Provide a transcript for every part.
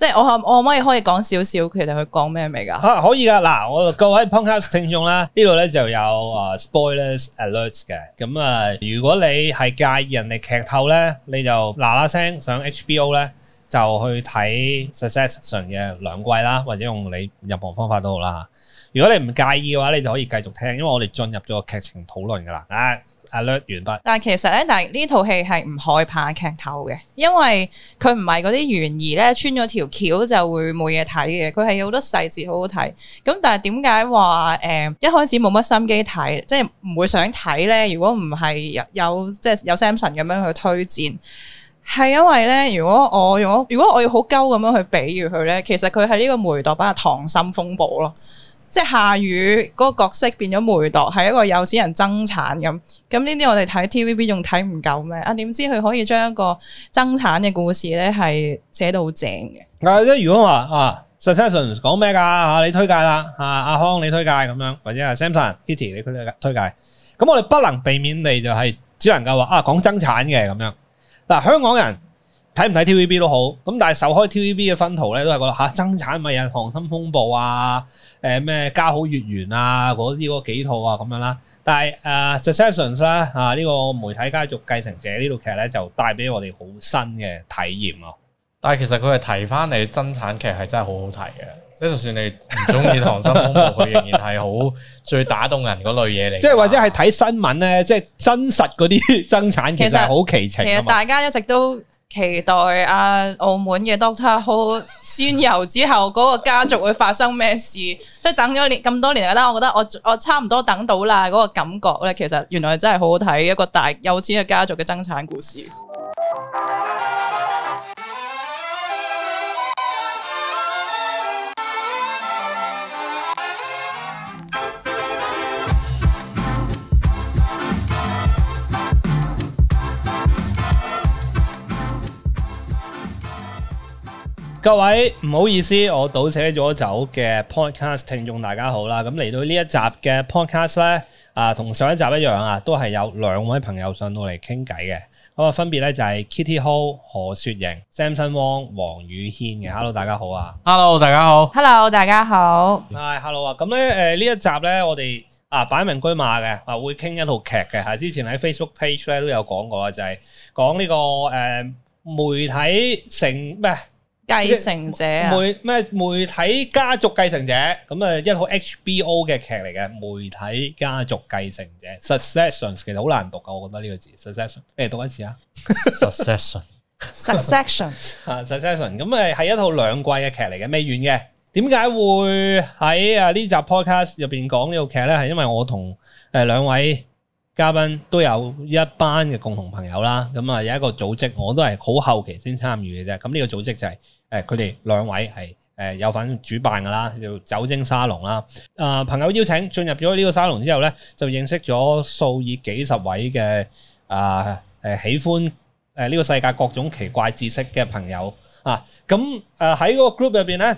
即係我可我可唔可以可以講少少佢哋去講咩嚟噶？吓、啊、可以噶，嗱我各位 Podcast 聽眾啦，呢度咧就有啊 spoilers alerts 嘅，咁啊如果你係介意人哋劇透咧，你就嗱嗱聲上 HBO 咧就去睇 Succession 嘅兩季啦，或者用你任何方法都好啦。如果你唔介意嘅話，你就可以繼續聽，因為我哋進入咗個劇情討論噶啦。但係其實咧，但係呢套戲係唔害怕劇透嘅，因為佢唔係嗰啲懸疑咧，穿咗條橋就會冇嘢睇嘅。佢係有好多細節好好睇。咁但係點解話誒一開始冇乜心機睇，即係唔會想睇咧？如果唔係有，有即係有 Samson 咁樣去推薦，係因為咧，如果我用如，如果我要好鳩咁樣去比喻佢咧，其實佢係呢個《美劇版》嘅《溏心風暴》咯。即係夏雨嗰個角色變咗梅毒，係一個有錢人爭產咁。咁呢啲我哋睇 TVB 仲睇唔夠咩？啊，點知佢可以將一個爭產嘅故事咧，係寫到好正嘅。啊，即係如果話啊，Succession 講咩噶？吓，你推介啦，吓、啊、阿康你推介咁樣，或者阿 Samson Kitty 你推介推介。咁我哋不能避免你就係只能夠話啊，講爭產嘅咁樣。嗱、啊，香港人。睇唔睇 TVB 都好，咁但係受開 TVB 嘅薰陶咧，都係覺得吓爭產咪有《溏心風暴》啊，誒咩《家好月圓》啊嗰啲嗰幾套啊咁樣啦。但係誒《Succession》咧呢個媒體家族繼承者呢套劇咧就帶俾我哋好新嘅體驗囉。但係其實佢係提翻你：「爭產劇係真係好好睇嘅，即係就算你唔中意《溏心風暴》，佢 仍然係好最打動人嗰類嘢嚟。即係或者係睇新聞咧，即係真實嗰啲爭產劇其實好奇情。其實大家一直都。期待啊，澳門嘅 Doctor Who 仙遊之後嗰個家族會發生咩事，即係 等咗年咁多年啦，我覺得我我差唔多等到啦，嗰個感覺咧，其實原來真係好好睇一個大有錢嘅家族嘅爭產故事。各位唔好意思，我倒瀉咗酒嘅 podcast 聽眾，大家好啦，咁嚟到呢一集嘅 podcast 咧，啊，同上一集一樣啊，都係有兩位朋友上到嚟傾偈嘅，咁啊，分別咧，就係 Kitty Ho 何雪瑩、Samson Wong 黃宇軒嘅，Hello 大家好啊，Hello 大家好，Hello 大家好，係 Hello,、啊、Hello 啊，咁咧，誒呢一集咧，我哋啊擺明居馬嘅啊會傾一套劇嘅，吓之前喺 Facebook page 咧都有講過嘅，就係講呢個誒、啊、媒體成咩？繼承者媒咩媒體家族繼承者咁啊，一套 HBO 嘅劇嚟嘅，媒體家族繼承者，Succession 其實好難讀噶，我覺得呢個字，Succession，不如讀一次啊，Succession，Succession，Succession，咁啊係一套兩季嘅劇嚟嘅，未完嘅。點解會喺啊呢集 podcast 入邊講呢套劇咧？係因為我同誒兩位嘉賓都有一班嘅共同朋友啦，咁啊有一個組織，我都係好後期先參與嘅啫。咁呢個組織就係。誒，佢哋兩位係誒有份主辦㗎啦，叫酒精沙龍啦。誒、啊，朋友邀請進入咗呢個沙龍之後咧，就認識咗數以幾十位嘅啊誒、啊，喜歡誒呢個世界各種奇怪知識嘅朋友啊。咁誒喺嗰個 group 入邊咧，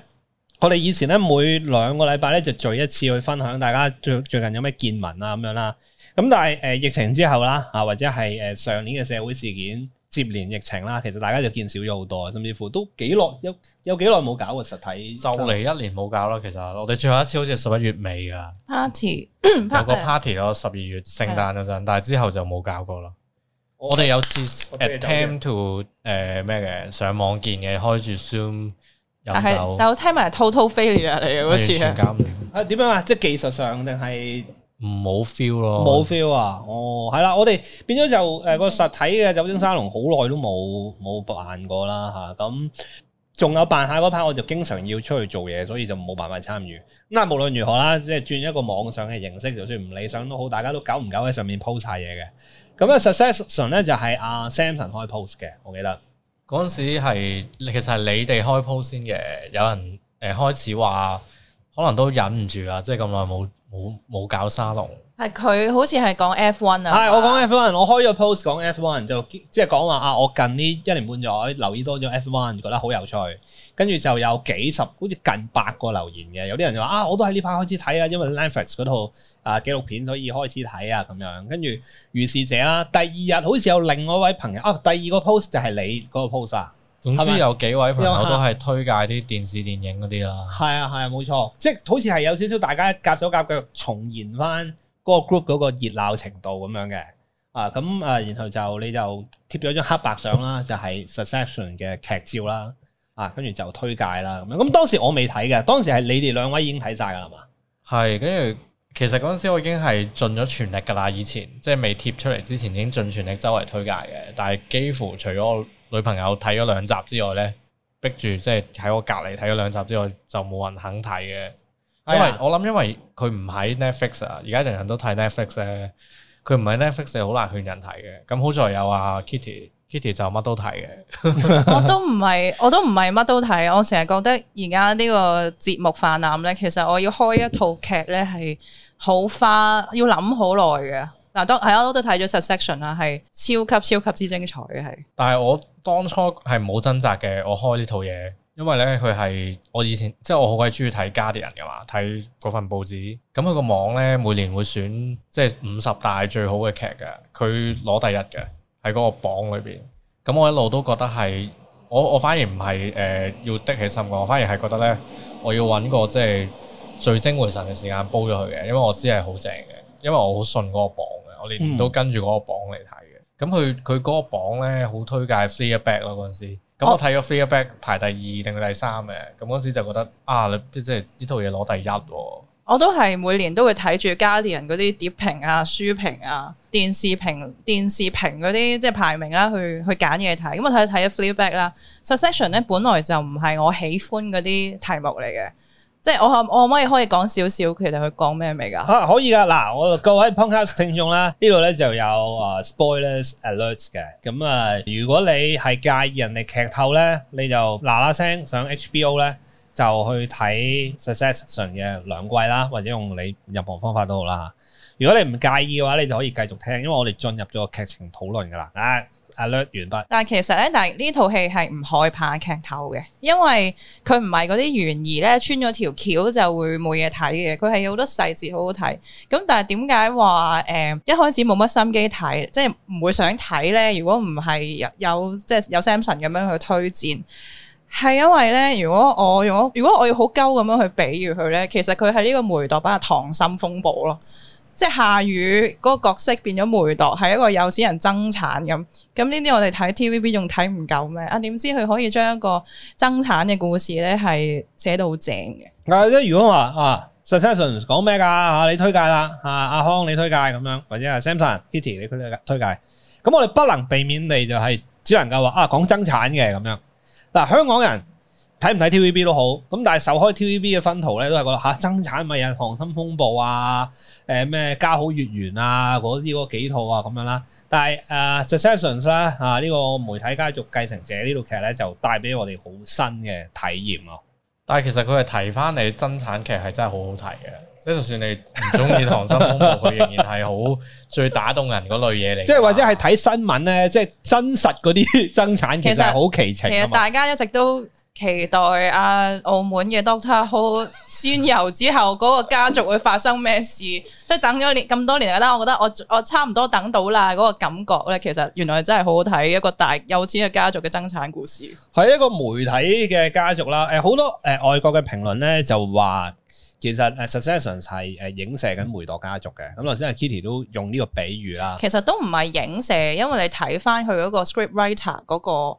我哋以前咧每兩個禮拜咧就聚一次去分享，大家最最近有咩見聞啊咁樣啦。咁但係誒、啊、疫情之後啦，啊或者係誒上年嘅社會事件，接連疫情啦，其實大家就見少咗好多，甚至乎都幾耐有有幾耐冇搞過實體，就嚟一年冇搞啦。其實我哋最後一次好似係十一月尾㗎，party 有個 party 咯，十二月聖誕嗰陣，的但係之後就冇搞過啦。我哋有次 attempt to 誒咩嘅上網見嘅，開住 zoom 飲酒但，但我聽埋係偷偷飛嚟嘅嗰次啊。啊點樣啊？即係技術上定係？唔好 feel 咯，冇 feel 啊，哦，係啦，我哋變咗就誒個、呃、實體嘅酒精沙龍好耐都冇冇辦過啦吓，咁、嗯、仲有辦下嗰排，我就經常要出去做嘢，所以就冇辦法參與。咁但係無論如何啦，即係轉一個網上嘅形式，就算唔理想都好，大家都久唔久喺上面 post 晒嘢嘅。咁、那、咧、個、，succession 咧就係、是、阿、啊、Samson 開 post 嘅，我記得嗰陣時係其實係你哋開 post 先嘅，有人誒開始話可能都忍唔住啊，即係咁耐冇。冇冇搞沙龍，係佢好似係講 F1 啊，係、嗯、我講 F1，我開咗 post 講 F1 就即係講話啊，我近呢一年半載留意多咗 F1，覺得好有趣，跟住就有幾十，好似近百個留言嘅，有啲人就話啊，我都喺呢排開始睇啊，因為 Netflix 嗰套啊紀錄片所以開始睇啊，咁樣，跟住如是者啦，第二日好似有另外一位朋友啊，第二個 post 就係你嗰個 post 啊。總之有幾位朋友都係推介啲電視電影嗰啲啦，係啊係啊，冇錯，即係好似係有少少大家夾手夾腳重燃翻嗰個 group 嗰個熱鬧程度咁樣嘅啊，咁啊，然後就你就貼咗張黑白相啦，就係、是、Succession 嘅劇照啦，啊，跟住就推介啦，咁、啊、樣，咁、啊嗯、當時我未睇嘅，當時係你哋兩位已經睇晒噶啦嘛，係，跟住其實嗰陣時我已經係盡咗全力噶啦，以前即係未貼出嚟之前已經盡全力周圍推介嘅，但係幾乎除咗我。女朋友睇咗兩集之外咧，逼住即係喺我隔離睇咗兩集之外就冇人肯睇嘅，哎、呀因為我諗因為佢唔喺 Netflix 啊，而家人人都睇 Netflix 咧，佢唔喺 Netflix 好難勸人睇嘅。咁好在有阿 Kitty，Kitty 就乜都睇嘅， 我都唔係，我都唔係乜都睇，我成日覺得而家呢個節目泛濫咧，其實我要開一套劇咧係好花， 要諗好耐嘅。嗱，當係啊，都睇咗十 section 啦，係超級超級之精彩嘅，係。但係我當初係冇掙扎嘅，我開呢套嘢，因為咧佢係我以前即係我好鬼中意睇《Guardian》嘅嘛，睇嗰份報紙。咁佢個網咧每年會選即係五十大最好嘅劇嘅，佢攞第一嘅喺嗰個榜裏邊。咁我一路都覺得係我我反而唔係誒要的起心，我反而係覺得咧我要揾個即係最精回神嘅時間煲咗佢嘅，因為我知係好正嘅，因為我好信嗰個榜。我年、嗯、都跟住嗰個榜嚟睇嘅，咁佢佢嗰個榜咧好推介 Fleabag 咯嗰陣時，咁我睇咗 Fleabag 排第二定佢第三嘅，咁嗰陣時就覺得啊，即係呢套嘢攞第一喎，啊。我都係每年都會睇住 Guardian 嗰啲碟評啊、書評啊、電視評、電視評嗰啲即係排名啦，去去揀嘢睇。咁我睇睇咗 Fleabag 啦，Succession 咧本來就唔係我喜歡嗰啲題目嚟嘅。即係我可我可唔可以可以講少少，佢哋去講咩嚟噶？啊，可以噶，嗱，我各位 Podcast 聽眾咧，呢度咧就有啊 spoilers alerts 嘅，咁啊，如果你係介意人哋劇透咧，你就嗱嗱聲上 HBO 咧就去睇 Succession 嘅兩季啦，或者用你任何方法都好啦。如果你唔介意嘅話，你就可以繼續聽，因為我哋進入咗個劇情討論噶啦。啊 Alert 完畢。但係其實咧，但係呢套戲係唔害怕劇透嘅，因為佢唔係嗰啲懸疑咧，穿咗條橋就會冇嘢睇嘅。佢係有好多細節好好睇。咁但係點解話誒一開始冇乜心機睇，即係唔會想睇咧？如果唔係有即係有 Samson 咁樣去推薦，係因為咧，如果我用，如果我要好鳩咁樣去比喻佢咧，其實佢係呢個《梅朵吧溏心風暴》咯。即係夏雨嗰個角色變咗梅毒，係一個有錢人爭產咁。咁呢啲我哋睇 TVB 仲睇唔夠咩？啊，點知佢可以將一個爭產嘅故事咧，係寫到好正嘅。啊，即係如果話啊，Succession 講咩㗎？吓，你推介啦，吓、啊、阿康你推介咁樣，或者係 Samson、Kitty 你推介推介。咁我哋不能避免你就係只能夠話啊，講爭產嘅咁樣。嗱、啊，香港人。睇唔睇 TVB 都好，咁但係受開 TVB 嘅薰陶咧，都係覺得吓增、啊、產咪有《溏心風暴啊、呃啊啊》啊，誒咩家好月圓啊嗰啲嗰幾套啊咁樣啦。但係誒《Succession》咧呢個媒體家族繼承者呢套劇咧就帶俾我哋好新嘅體驗囉！但係其實佢係提翻你，增產劇係真係好好睇嘅，即係就算你唔中意《溏心風暴》，佢 仍然係好最打動人嗰類嘢嚟。即係或者係睇新聞咧，即係真實嗰啲增產劇其實好奇情其。其實大家一直都。期待阿、啊、澳門嘅 Doctor Ho 仙遊之後，嗰、那個家族會發生咩事？即係等咗年咁多年嚟啦，我覺得我我差唔多等到啦。嗰、那個感覺咧，其實原來真係好好睇一個大有錢嘅家族嘅爭產故事。係一個媒體嘅家族啦。誒，好多誒外國嘅評論咧就話，其實誒 Succession 係誒影射緊梅鐸家族嘅。咁頭先阿 Kitty 都用呢個比喻啦。其實都唔係影射，因為你睇翻佢嗰個 Scriptwriter 嗰、那個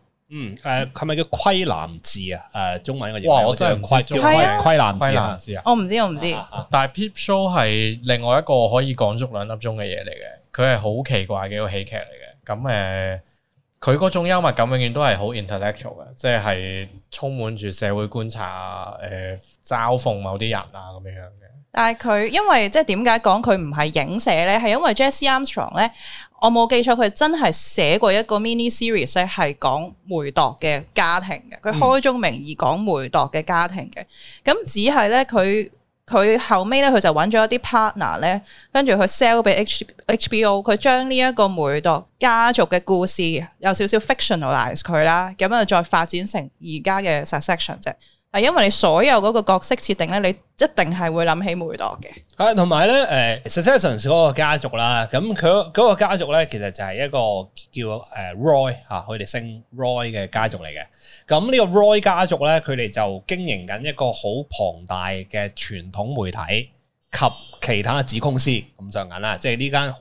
嗯，誒、呃，係咪、嗯、叫《窺男志》啊？誒、呃，中文嘅嘢，哇！我真係唔知叫《窺中規男志》啊！男啊我唔知，我唔知。啊啊、但係《Peep Show》係另外一個可以講足兩粒鐘嘅嘢嚟嘅，佢係好奇怪嘅一個喜劇嚟嘅。咁誒，佢、呃、種幽默感永遠都係好 intellectual 嘅，即係充滿住社會觀察誒、呃、嘲諷某啲人啊咁樣樣嘅。但係佢，因為即係點解講佢唔係影寫咧？係因為 Jesse Armstrong 咧，我冇記錯，佢真係寫過一個 mini series 咧，係講梅鐸嘅家庭嘅。佢開宗明義講梅鐸嘅家庭嘅，咁只係咧佢佢後尾咧佢就揾咗一啲 partner 咧，跟住佢 sell 俾 HBO，佢將呢一個梅鐸家族嘅故事有少少 fictionalize 佢啦，咁啊再發展成而家嘅 Succession 啫。係因為你所有嗰個角色設定咧，你一定係會諗起梅鐸嘅。係同埋咧，誒 Successions 嗰個家族啦，咁佢嗰個家族咧，其實就係一個叫誒、呃、Roy 吓、啊，佢哋姓 Roy 嘅家族嚟嘅。咁呢個 Roy 家族咧，佢哋就經營緊一個好龐大嘅傳統媒體及其他子公司咁上緊啦。即係呢間好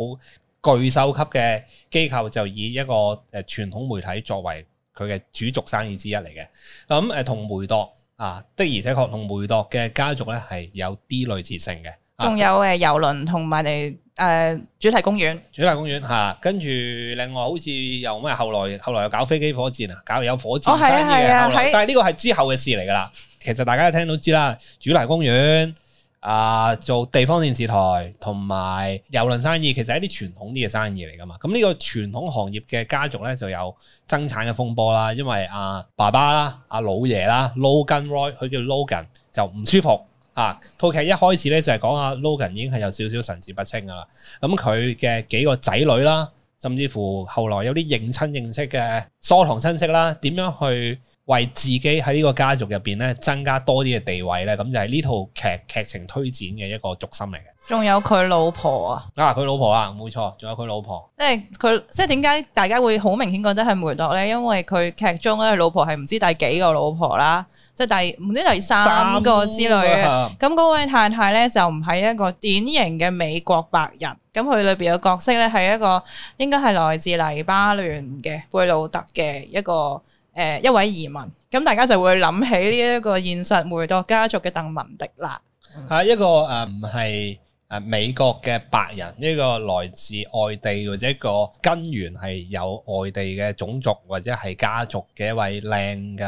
巨獸級嘅機構，就以一個誒傳統媒體作為佢嘅主族生意之一嚟嘅。咁誒，同、呃、梅鐸。啊，的而且確同梅鐸嘅家族咧係有啲類似性嘅。仲、啊、有誒遊、呃、輪同埋地誒主題公園。主題公園吓、啊，跟住另外好似又咩，後來後來又搞飛機火箭啊，搞有火箭生意、哦啊啊啊、但係呢個係之後嘅事嚟噶啦。其實大家聽到知啦，主題公園。啊，做地方電視台同埋郵輪生意，其實係一啲傳統啲嘅生意嚟噶嘛。咁呢個傳統行業嘅家族咧，就有爭產嘅風波啦。因為阿、啊、爸爸啦、啊、阿老爺啦、啊、Logan Roy，佢叫 Logan 就唔舒服啊。套劇一開始咧就係、是、講阿 Logan 已經係有少少神志不清噶啦。咁佢嘅幾個仔女啦，甚至乎後來有啲認親認識嘅疏堂親戚啦，點樣去，為自己喺呢個家族入邊咧增加多啲嘅地位咧，咁就係呢套劇劇情推展嘅一個軸心嚟嘅。仲有佢老婆啊？啊，佢老婆啊，冇錯，仲有佢老婆。啊、老婆老婆即係佢，即係點解大家會好明顯覺得係梅鐸咧？因為佢劇中咧，老婆係唔知第幾個老婆啦，即係第唔知第三個之類嘅。咁嗰、啊、位太太咧，就唔係一個典型嘅美國白人。咁佢裏邊嘅角色咧，係一個應該係來自黎巴嫩嘅貝魯特嘅一個。誒一位移民，咁大家就會諗起呢一個現實梅鐸家族嘅鄧文迪啦。嚇一個誒唔係誒美國嘅白人，呢個來自外地或者一個根源係有外地嘅種族或者係家族嘅一位靚嘅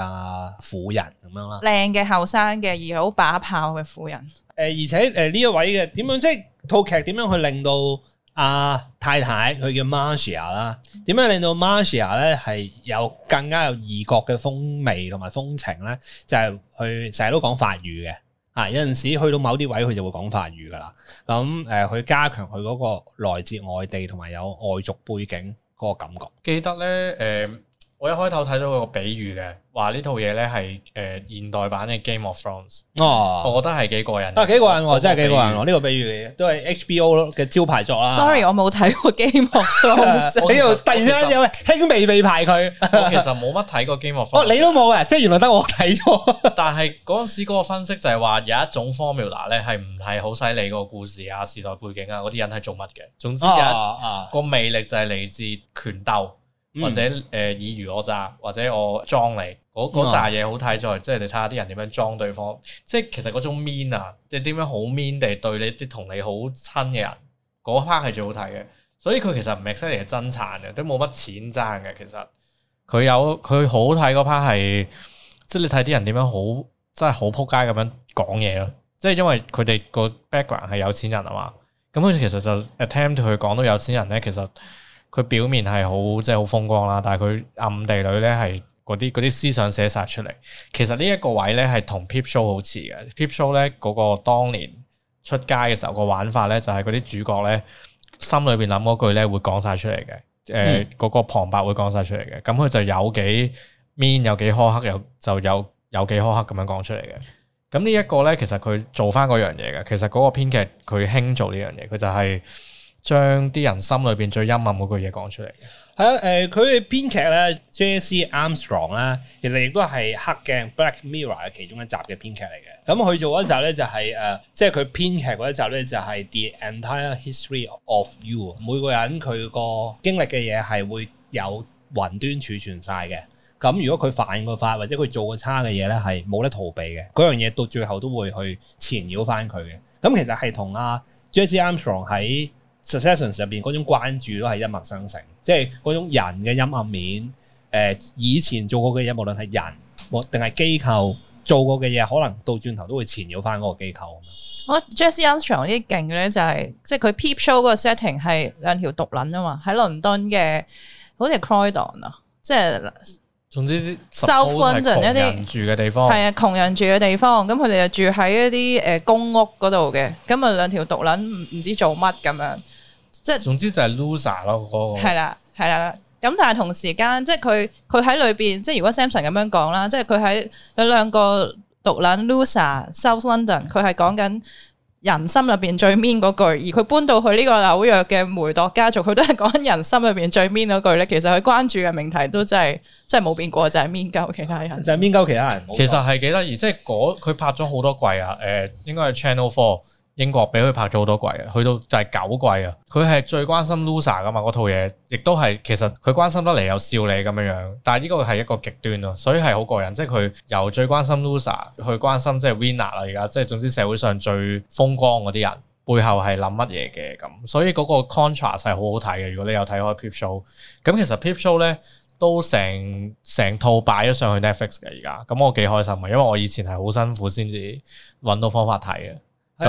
婦人咁樣啦。靚嘅後生嘅而好把炮嘅婦人。誒而且誒呢、呃、一位嘅，點樣即係套劇點樣去令到？阿、啊、太太佢叫 Marcia 啦，點樣令到 Marcia 咧係有更加有異國嘅風味同埋風情咧？就係佢成日都講法語嘅，啊，有陣時去到某啲位佢就會講法語噶啦。咁、嗯、誒，佢加強佢嗰個來自外地同埋有外族背景嗰個感覺。記得咧誒。呃我一開頭睇到個比喻嘅，話呢套嘢咧係誒現代版嘅 Game of Thrones 哦，我覺得係幾過癮。啊，幾過癮、啊，真係幾過癮。呢個比喻，個、啊、個比喻都係 HBO 嘅招牌作啦、啊。Sorry，我冇睇過 Game of Thrones。呢度突然間有輕微被排佢。我其實冇乜睇過 Game of Thrones。 你都冇嘅，即係原來得我睇咗。 但係嗰陣時嗰個分析就係話有一種 formula 咧係唔係好犀利個故事啊、時代背景啊、嗰啲人係做乜嘅。總之個個魅力就係嚟自拳鬥。或者誒、呃、爾虞我詐，或者我裝你嗰嗰扎嘢好睇在，即係你睇下啲人點樣裝對方。即係其實嗰種 mean 啊，即係點樣好 mean 地對你啲同你好親嘅人嗰 part 係最好睇嘅。所以佢其實唔 exactly 係真殘嘅，都冇乜錢爭嘅。其實佢有佢好睇嗰 part 係，即係你睇啲人點樣好，真係好撲街咁樣講嘢咯。即係因為佢哋個 background 係有錢人啊嘛，咁佢其實就 attempt 去講到有錢人咧，其實。佢表面係好即係好風光啦，但係佢暗地裏咧係嗰啲嗰啲思想寫晒出嚟。其實呢一個位咧係同 Peep Show 好似嘅。Peep Show 咧嗰個當年出街嘅時候，個玩法咧就係嗰啲主角咧心裏邊諗嗰句咧會講晒出嚟嘅。誒、呃，嗰、那個旁白會講晒出嚟嘅。咁佢就有幾 mean，有幾苛刻，有就有有幾苛刻咁樣講出嚟嘅。咁呢一個咧，其實佢做翻嗰樣嘢嘅。其實嗰個編劇佢興做呢樣嘢，佢就係、是。將啲人心裏邊最陰暗嗰句嘢講出嚟嘅，係啊誒，佢、呃、嘅編劇咧，Jesse Armstrong 咧、啊，其實亦都係《黑鏡》Black Mirror 嘅其中一集嘅編劇嚟嘅。咁佢做嗰集咧就係、是、誒、呃，即係佢編劇嗰集咧就係 The Entire History of You，每個人佢個經歷嘅嘢係會有雲端儲存晒嘅。咁如果佢犯過法，或者佢做過差嘅嘢咧，係冇得逃避嘅。嗰樣嘢到最後都會去纏繞翻佢嘅。咁其實係同阿 Jesse Armstrong 喺。Succession 入邊嗰種關注都係一脈相承，即係嗰種人嘅陰暗面。誒、呃，以前做過嘅嘢，無論係人定係機構做過嘅嘢，可能到轉頭都會纏繞翻嗰個機構。我覺得 Jesse Armstrong 呢啲勁咧，就係即係佢 peep show 個 setting 係兩條獨撚啊嘛，喺倫敦嘅好似 Croydon 啊，即係。總之，South London 一啲住嘅地方，係啊，窮人住嘅地方，咁佢哋就住喺一啲誒公屋嗰度嘅，咁啊兩條獨撚唔知做乜咁樣，即係總之就係 Loser 咯、那個，嗰個係啦係啦，咁但係同時間即係佢佢喺裏邊，即係如果 Samson 咁樣講啦，即係佢喺有兩個獨撚 Loser South London，佢係講緊。人心入邊最 mean 嗰句，而佢搬到去呢個紐約嘅梅鐸家族，佢都係講人心入邊最 mean 嗰句咧。其實佢關注嘅命題都真係真係冇變過，就係 mean 鳩其他人，啊、就係 mean 鳩其他人。其實係幾得意，即係嗰佢拍咗好多季啊。誒、呃，應該係 Channel Four。英國俾佢拍咗好多季啊，去到第九季啊，佢係最關心 Loser 噶嘛，嗰套嘢亦都係其實佢關心得嚟又笑你咁樣樣，但係呢個係一個極端咯，所以係好過癮，即係佢由最關心 Loser 去關心 ena，即係 Winner 啦，而家即係總之社會上最風光嗰啲人，背後係諗乜嘢嘅咁，所以嗰個 contrast 係好好睇嘅。如果你有睇開 Peep Show，咁其實 Peep Show 咧都成成套擺咗上去 Netflix 嘅而家，咁我幾開心啊，因為我以前係好辛苦先至揾到方法睇嘅。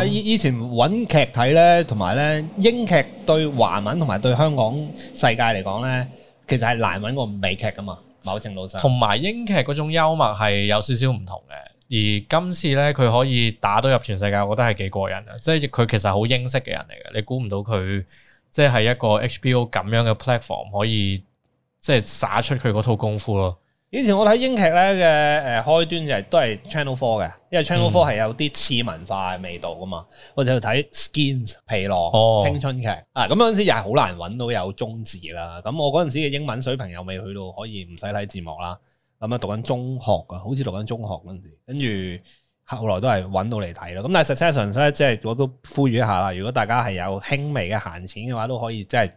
以以前揾劇睇咧，同埋咧英劇對華文同埋對香港世界嚟講咧，其實係難揾過美劇噶嘛。某程度上，同埋英劇嗰種幽默係有少少唔同嘅。而今次咧，佢可以打到入全世界，我覺得係幾過癮啊！即係佢其實好英式嘅人嚟嘅，你估唔到佢即係一個 HBO 咁樣嘅 platform 可以即係灑出佢嗰套功夫咯。以前我睇英劇咧嘅誒開端就係都係 Channel Four 嘅，因為 Channel Four 係有啲次文化嘅味道噶嘛。嗯、我就睇 Skins 皮囊、哦、青春劇啊，咁嗰陣時又係好難揾到有中字啦。咁我嗰陣時嘅英文水平又未去到可以唔使睇字幕啦。咁、嗯、啊讀緊中學噶，好似讀緊中學嗰陣時，跟住。後來都係揾到嚟睇咯，咁但係實際上咧，即係我都呼籲一下啦。如果大家係有輕微嘅閒錢嘅話，都可以即係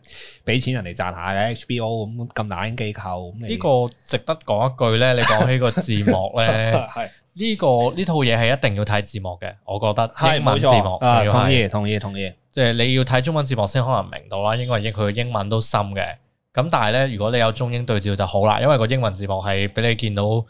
俾錢人哋賺下嘅 HBO 咁咁大間機構。咁呢個值得講一句咧，你講起個字幕咧，呢 是、呢個呢套嘢係一定要睇字幕嘅，我覺得英文字幕同意同意同意，即係你要睇中文字幕先可能明到啦。因為佢嘅英文都深嘅，咁但係咧，如果你有中英對照就好啦，因為個英文字幕係俾你見到。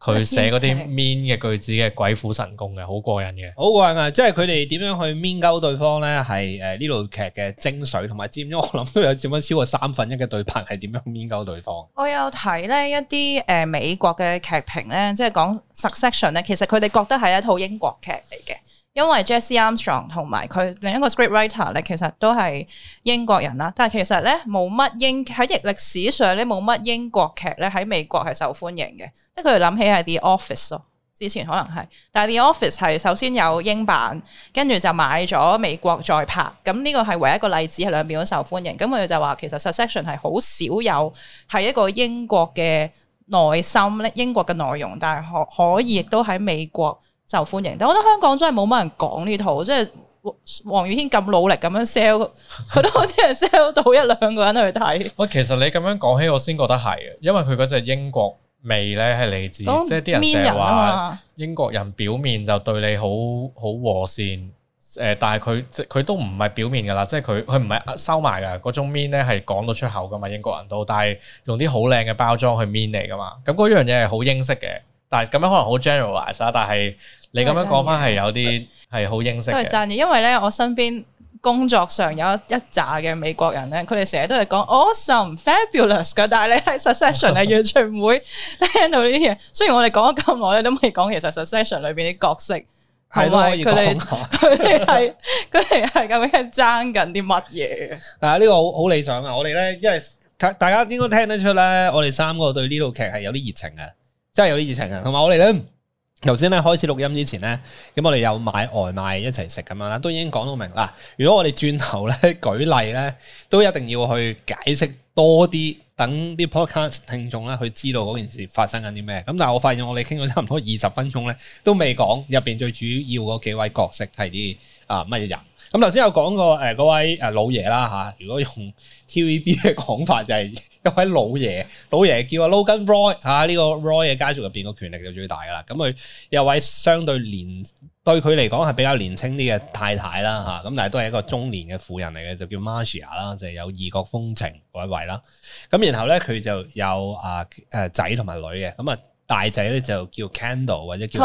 佢寫嗰啲 mean 嘅句子嘅鬼斧神工嘅，好過人嘅，好過人啊！即係佢哋點樣去 mean 勾對方咧？係誒呢部劇嘅精髓同埋，佔咗我諗都有佔咗超過三分一嘅對白係點樣面 e a 對方。我有睇咧一啲誒、呃、美國嘅劇評咧，即係講 s u c c e s s i o n 咧，其實佢哋覺得係一套英國劇嚟嘅，因為 Jesse Armstrong 同埋佢另一個 scriptwriter 咧，其實都係英國人啦。但係其實咧冇乜英喺歷史上咧冇乜英國劇咧喺美國係受歡迎嘅。即係佢哋諗起係啲 Office 咯，之前可能係，但係啲 Office 係首先有英版，跟住就買咗美國再拍，咁呢個係唯一一個例子係兩邊都受歡迎。咁佢哋就話其實 Succession 係好少有，係一個英國嘅內心咧，英國嘅內容，但係可可以亦都喺美國受歡迎。但我覺得香港真係冇乜人講呢套，即係黃黃宇軒咁努力咁樣 sell，佢都好似係 sell 到一兩個人去睇。喂，其實你咁樣講起，我先覺得係嘅，因為佢嗰隻英國。味咧係嚟自，即係啲人成日話英國人表面就對你好好和善，誒、呃，但係佢即佢都唔係表面噶啦，即係佢佢唔係收埋噶，嗰種 mean 咧係講到出口噶嘛，英國人都，但係用啲好靚嘅包裝去 mean 嚟噶嘛，咁嗰樣嘢係好英式嘅，但係咁樣可能好 generalize 啦，但係你咁樣講翻係有啲係好英式，都讚嘅，因為咧我身邊。工作上有一一紮嘅美國人咧，佢哋成日都係講 awesome、awesome, fabulous 嘅，但係你喺 succession 係完全唔會聽到呢啲嘢。 雖然我哋講咗咁耐咧，都未講其實 succession 裏邊啲角色同埋佢哋，佢哋係佢哋係咁樣爭緊啲乜嘢。嗱呢、 啊這個好好理想啊！我哋咧，因為大家應該聽得出咧，我哋三個對呢套劇係有啲熱情嘅，真係有啲熱情嘅。同埋我哋咧。頭先咧開始錄音之前咧，咁我哋有買外賣一齊食咁樣啦，都已經講到明啦。如果我哋轉頭咧舉例咧，都一定要去解釋多啲，等啲 podcast 聽眾咧去知道嗰件事發生緊啲咩。咁但係我發現我哋傾咗差唔多二十分鐘咧，都未講入邊最主要嗰幾位角色係啲啊乜嘢人。咁頭先有講過誒嗰位誒老爺啦嚇，如果用 TVB 嘅講法就係、是、一位老爺，老爺叫阿 Logan Roy 嚇，呢個 Roy 嘅家族入邊個權力就最大噶啦。咁佢有位相對年對佢嚟講係比較年輕啲嘅太太啦嚇，咁但係都係一個中年嘅婦人嚟嘅，就叫 Marcia 啦，就係有異國風情嗰一位啦。咁然後咧佢就有啊誒、呃呃、仔同埋女嘅，咁啊大仔咧就叫 Kendall 或者叫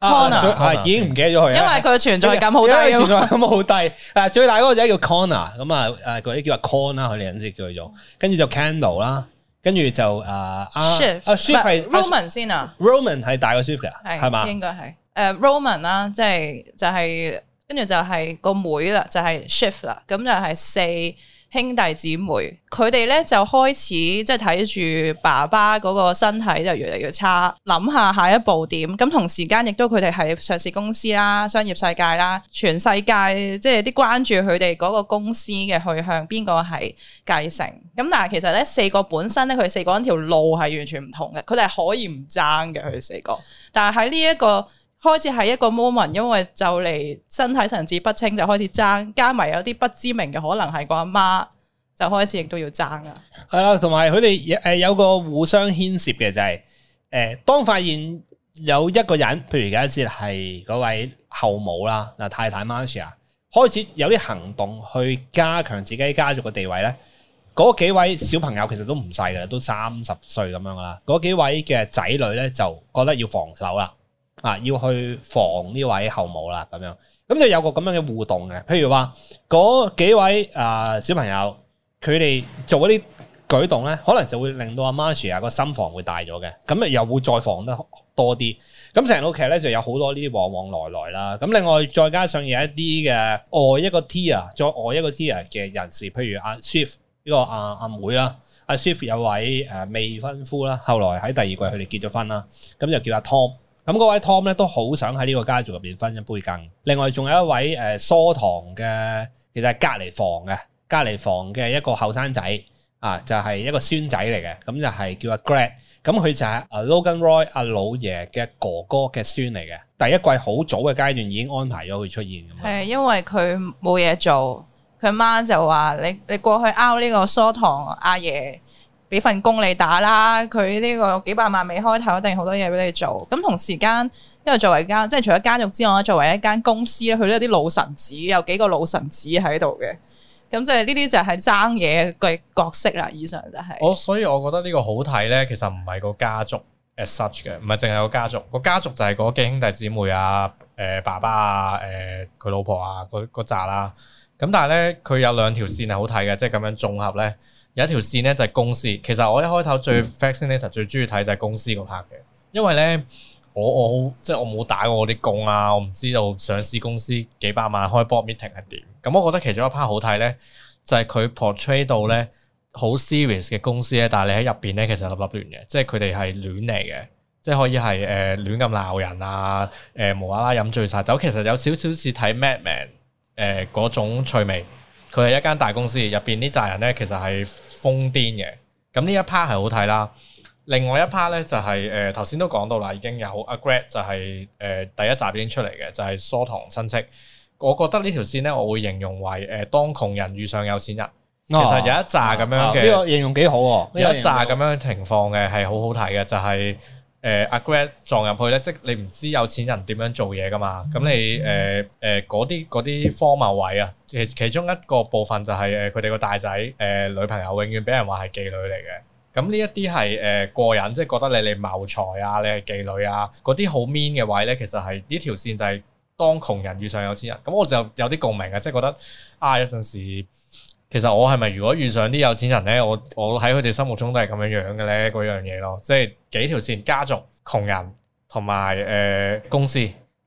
Connor，啊！Connor，已經唔記得咗佢，因為佢嘅存在感好低，存在感好低。誒、 啊，最大嗰個就叫 Connor 咁、嗯、啊！誒、啊，嗰啲叫阿 Con 啦，佢哋啱先叫佢做，跟住就 Candle 啦，跟住就誒 Shift 啊，Shift Roman 先啊，Roman 係大過 Shift 嘅，係嘛是？嗎應該係誒、uh, Roman 啦，即係就係跟住就係個妹啦，就係、是就是就是、Shift 啦，咁就係四。兄弟姊妹，佢哋咧就開始即係睇住爸爸嗰個身體就越嚟越差，諗下下一步點。咁同時間亦都佢哋係上市公司啦，商業世界啦、全世界即係啲關注佢哋嗰個公司嘅去向邊個係繼承。咁但係其實咧，四個本身咧，佢四個條路係完全唔同嘅，佢哋係可以唔爭嘅。佢哋四個，但係喺呢一個。開始係一個 moment，因為就嚟身體神志不清，就開始爭，加埋有啲不知名嘅可能係個阿媽，就開始亦都要爭噶、啊。係啦，同埋佢哋誒有個互相牽涉嘅就係、是、誒、呃，當發現有一個人，譬如而家先係嗰位後母啦，嗱太太 Marcia，開始有啲行動去加強自己家族嘅地位咧。嗰幾位小朋友其實都唔細噶啦，都三十歲咁樣噶啦。嗰幾位嘅仔女咧就覺得要防守啦。啊，要去防呢位後母啦，咁樣，咁就有個咁樣嘅互動嘅。譬如話嗰幾位啊、呃、小朋友，佢哋做一啲舉動咧，可能就會令到阿 Marcia 啊個心防會大咗嘅，咁啊又會再防得多啲。咁成套劇咧就有好多呢啲往往來來啦。咁另外再加上有一啲嘅愛一個 tier，再愛、哦、一個 tier 嘅人士，譬如阿 Shiv 呢個阿、啊、阿、啊、妹啦，阿、啊、Shiv 有位誒、啊、未婚夫啦，後來喺第二季佢哋結咗婚啦，咁就叫阿 Tom。咁嗰位 Tom 咧都好想喺呢個家族入邊分一杯羹。另外仲有一位誒，疏堂嘅，其實係隔離房嘅，隔離房嘅一個後生仔啊，就係、是、一個孫仔嚟嘅。咁就係叫阿 Greg，咁佢就係阿 Logan Roy 阿、啊、老爺嘅哥哥嘅孫嚟嘅。第一季好早嘅階段已經安排咗佢出現咁。係因為佢冇嘢做，佢媽，媽就話：你你過去拗呢個疏堂阿爺。俾份工你打啦，佢呢個幾百萬未開頭，一定好多嘢俾你做。咁同時間，因為作為家，即係除咗家族之外，作為一間公司咧，佢都有啲老臣子，有幾個老臣子喺度嘅。咁即係呢啲就係爭嘢嘅角色啦。以上就係我，所以我覺得呢個好睇咧，其實唔係個家族 as such 嘅，唔係淨係個家族。個家族就係嗰幾兄弟姊妹啊，誒，爸爸啊，誒，佢老婆啊，嗰嗰扎啦。咁但係咧，佢有兩條線係好睇嘅，即係咁樣綜合咧。有一條線咧就係、是、公司，其實我一開頭最 fascinating 最中意睇就係公司嗰 part 嘅，因為咧我我即係我冇打過我啲工啊，我唔知道上市公司幾百萬開 board meeting 係點，咁、嗯、我覺得其中一 part 好睇咧就係佢 portray 到咧好 serious 嘅公司咧，但係你喺入邊咧其實立立亂嘅，即係佢哋係亂嚟嘅，即係可以係誒亂咁鬧人啊，誒、呃、無啦啦飲醉晒酒，其實有少少似睇 Mad Men 誒、呃、嗰種趣味。佢係一間大公司，入邊呢扎人咧其實係瘋癲嘅。咁呢一 part 係好睇啦，另外一 part 咧就係、是、誒，頭先都講到啦，已經有 agreed 就係、是、誒、呃、第一集已經出嚟嘅，就係疏堂親戚。我覺得呢條線咧我會形容為誒、呃，當窮人遇上有錢人，哦、其實有一紮咁樣嘅。呢、哦，這個形容幾好，有一紮咁樣情況嘅係好好睇嘅，就係、是。誒阿 Greg 撞入去咧，即係你唔知有錢人點樣做嘢噶嘛？咁、嗯、你誒誒嗰啲嗰啲荒謬位啊，其其中一個部分就係誒佢哋個大仔誒、uh, 女朋友永遠俾人話係妓女嚟嘅。咁呢一啲係誒過癮，即係覺得你你謀財啊，你係妓女啊，嗰啲好 mean 嘅位咧，其實係呢條線就係當窮人遇上有錢人。咁我就有啲共鳴啊，即係覺得啊，有陣時。其實我係咪如果遇上啲有錢人咧，我我喺佢哋心目中都係咁樣樣嘅咧，嗰樣嘢咯，即係幾條線，家族、窮人同埋誒公司，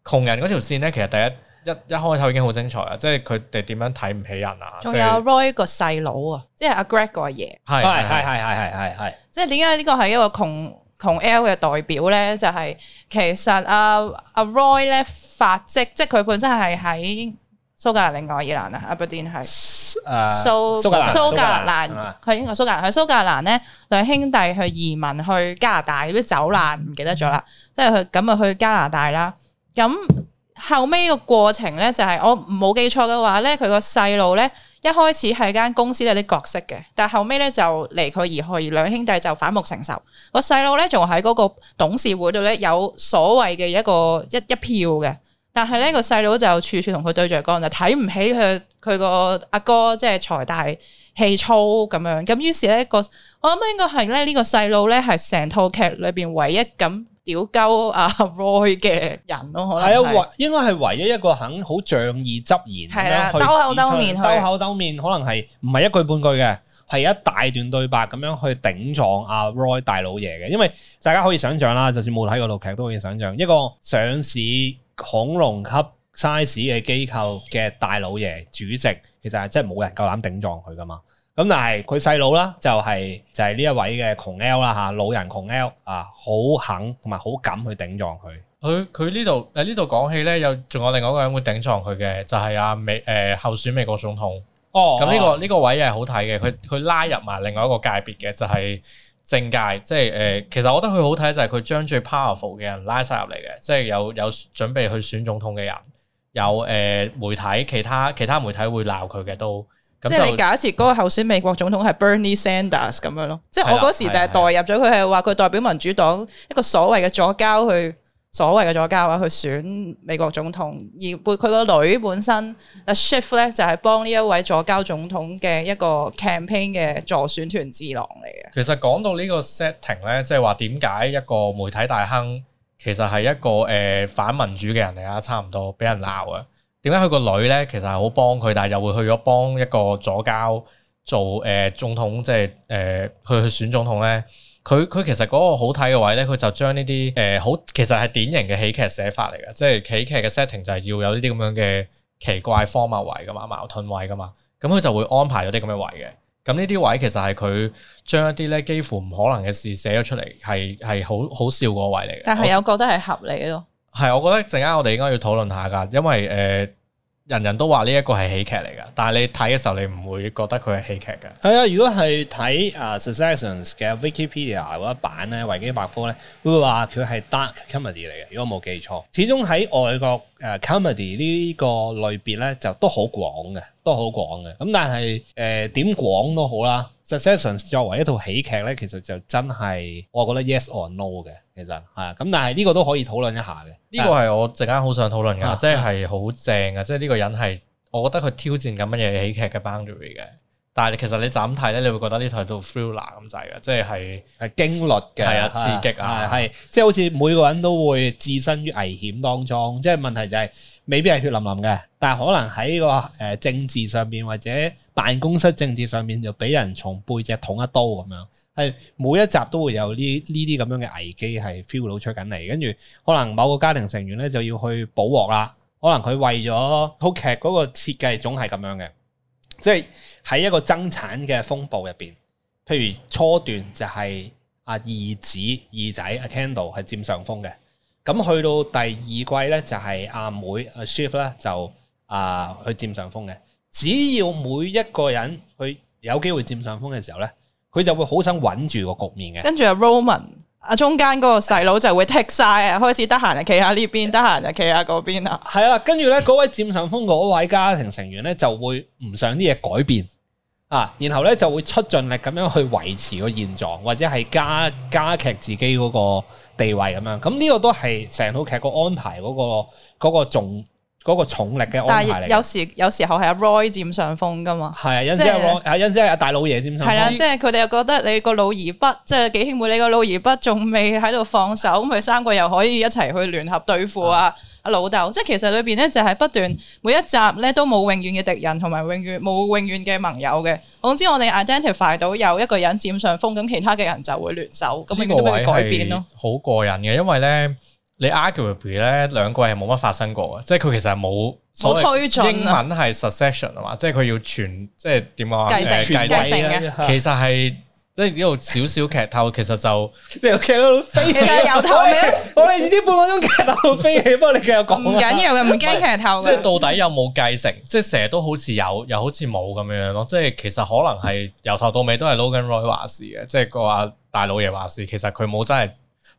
窮人嗰條線咧，其實第一一一開頭已經好精彩啊！即係佢哋點樣睇唔起人啊？仲有 Roy 個細佬啊，即係阿 Greg 個阿爺，係係係係係係係，即係點解呢個係一個窮窮 L 嘅代表咧？就係其實阿阿 Roy 咧發跡，即係佢本身係喺。蘇格蘭，另外愛爾蘭啊，阿布丁係蘇蘇格蘭，佢應該蘇格蘭，佢蘇格蘭咧兩兄弟去移民去加拿大，啲走難唔記得咗啦，即係佢咁啊去加拿大啦。咁後尾個過程咧，就是，就係我冇記錯嘅話咧，佢個細路咧一開始係間公司有啲角色嘅，但係後尾咧就離佢而去，兩兄弟就反目成仇。個細路咧仲喺嗰個董事會度咧有所謂嘅一個一一票嘅。但係咧個細佬就處處同佢對着幹，就睇唔起佢佢個阿哥，即係財大氣粗咁樣。咁於是咧個，我諗應該係咧呢個細佬咧係成套劇裏邊唯一咁屌鳩阿 Roy 嘅人咯。係啊，唯應該係唯一一個肯好仗義執言咁樣去指出，兜口兜面，兜口兜面，可能係唔係一句半句嘅，係一大段對白咁樣去頂撞阿 Roy 大老爺嘅。因為大家可以想象啦，就算冇睇過套劇，都可以想象一個上市。恐龍級 size 嘅機構嘅大佬爺主席，其實係即係冇人夠膽頂撞佢噶嘛。咁但係佢細佬啦，就係就係呢一位嘅窮 L 啦吓，老人窮 L 啊，好肯同埋好敢去頂撞佢。佢佢呢度誒呢度講起咧，有仲有另外一個人會頂撞佢嘅，就係阿美誒，呃，候選美國總統。哦，咁呢個呢個位又係好睇嘅，佢佢拉入埋另外一個界別嘅，就係。政界即係，誒、呃，其實我覺得佢好睇就係佢將最 powerful 嘅人拉晒入嚟嘅，即係有有準備去選總統嘅人，有誒、呃、媒體，其他其他媒體會鬧佢嘅都。即係你假設嗰個候選美國總統係 Bernie Sanders 咁樣咯，嗯、即係我嗰時就係代入咗佢，係話佢代表民主黨一個所謂嘅左膠去。所謂嘅左膠嘅去選美國總統，而佢佢個女本身阿 Shiv 咧就係幫呢一位左膠總統嘅一個 campaign 嘅助選團智囊嚟嘅。其實講到呢個 setting 咧，即係話點解一個媒體大亨其實係一個誒、呃、反民主嘅人嚟啊，差唔多俾人鬧啊。點解佢個女咧其實係好幫佢，但係又會去咗幫一個左膠做誒、呃、總統，即係誒去去選總統咧？佢佢其實嗰個好睇嘅位咧，佢就將呢啲誒好，其實係典型嘅喜劇寫法嚟嘅，即係喜劇嘅 setting 就係要有呢啲咁樣嘅奇怪荒謬位噶嘛，矛盾位噶嘛，咁佢就會安排咗啲咁嘅位嘅。咁呢啲位其實係佢將一啲咧幾乎唔可能嘅事寫咗出嚟，係係好好笑個位嚟嘅。但係我覺得係合理咯。係，我覺得陣間我哋應該要討論下噶，因為誒。呃人人都話呢一個係喜劇嚟㗎，但係你睇嘅時候你唔會覺得佢係喜劇㗎。係啊、uh，如果係睇啊 Succession 嘅 Wikipedia 嗰一版咧，維基百科咧，會話佢係 dark comedy 嚟嘅。如果冇記錯，始終喺外國誒、uh, comedy 呢個類別咧，就都好廣嘅，都好廣嘅。咁但係誒點廣都好啦。Succession 作為一套喜劇咧，其實就真係我覺得 yes or no 嘅，其實係咁、嗯，但係呢個都可以討論一下嘅。呢個係我陣間好想討論嘅，啊、即係好正嘅，啊、即係呢個人係我覺得佢挑戰緊乜嘢喜劇嘅 boundary 嘅。但係其實你斬題咧，你會覺得呢套做 thriller 咁滯嘅，即係係驚慄嘅，係啊刺激啊，係即係好似每個人都會置身於危險當中，即係問題就係未必係血淋淋嘅，但係可能喺個誒政治上邊或者辦公室政治上邊就俾人從背脊捅一刀咁樣，係每一集都會有呢呢啲咁樣嘅危機係 feel 到出緊嚟，跟住可能某個家庭成員咧就要去補鑊啦，可能佢為咗套劇嗰個設計總係咁樣嘅。即係喺一個爭產嘅風暴入邊，譬如初段就係阿二子二仔阿 Kendall 係占上風嘅，咁去到第二季咧就係、是、阿妹阿 Shiv 咧就啊去占上風嘅。只要每一個人去有機會占上風嘅時候咧，佢就會好想穩住個局面嘅。跟住阿 Roman。啊！中間嗰個細佬就會踢晒，啊，開始得閒就企下呢邊，得閒就企下嗰邊啦。係啦，跟住咧嗰位佔上風嗰位家庭成員咧，就會唔想啲嘢改變啊，然後咧就會出盡力咁樣去維持個現狀，或者係加加劇自己嗰個地位咁樣。咁呢個都係成套劇個安排嗰個、嗰個重，嗰個嗰個重力嘅安排嚟，有時有時候係阿 Roy 佔上風噶嘛，係、啊，即係阿大老爺佔上風。係啦是、 啊，即係佢哋又覺得你個老而不，即係幾兄妹，你個老而不仲未喺度放手，咁佢三個又可以一齊去聯合對付阿、啊、阿的、啊、老豆。即係其實裏邊咧，就係、是、不斷每一集咧都冇永遠嘅敵人，同埋永遠冇永遠嘅盟友嘅。總之我哋 identify 到有一個人佔上風，咁其他嘅人就會聯手，咁永遠都會改變咯。好過癮嘅，因為咧。你 arguably 咧，兩季係冇乜發生過嘅，即係佢其實係冇，冇推進。英文係 succession 啊嘛，即係佢要傳，即係點講啊？繼承繼承嘅，其實係即係呢度少少劇透，其實就即係劇嗰度飛起由頭尾。我哋呢半個鐘劇透飛起，不過你繼續講。唔緊要嘅，唔驚劇透。即係到底有冇繼承？即係成日都好似有，又好似冇咁樣樣咯。即係其實可能係由頭到尾都係 Logan Roy 話事嘅，即係個阿大老爺話事。其實佢冇真係。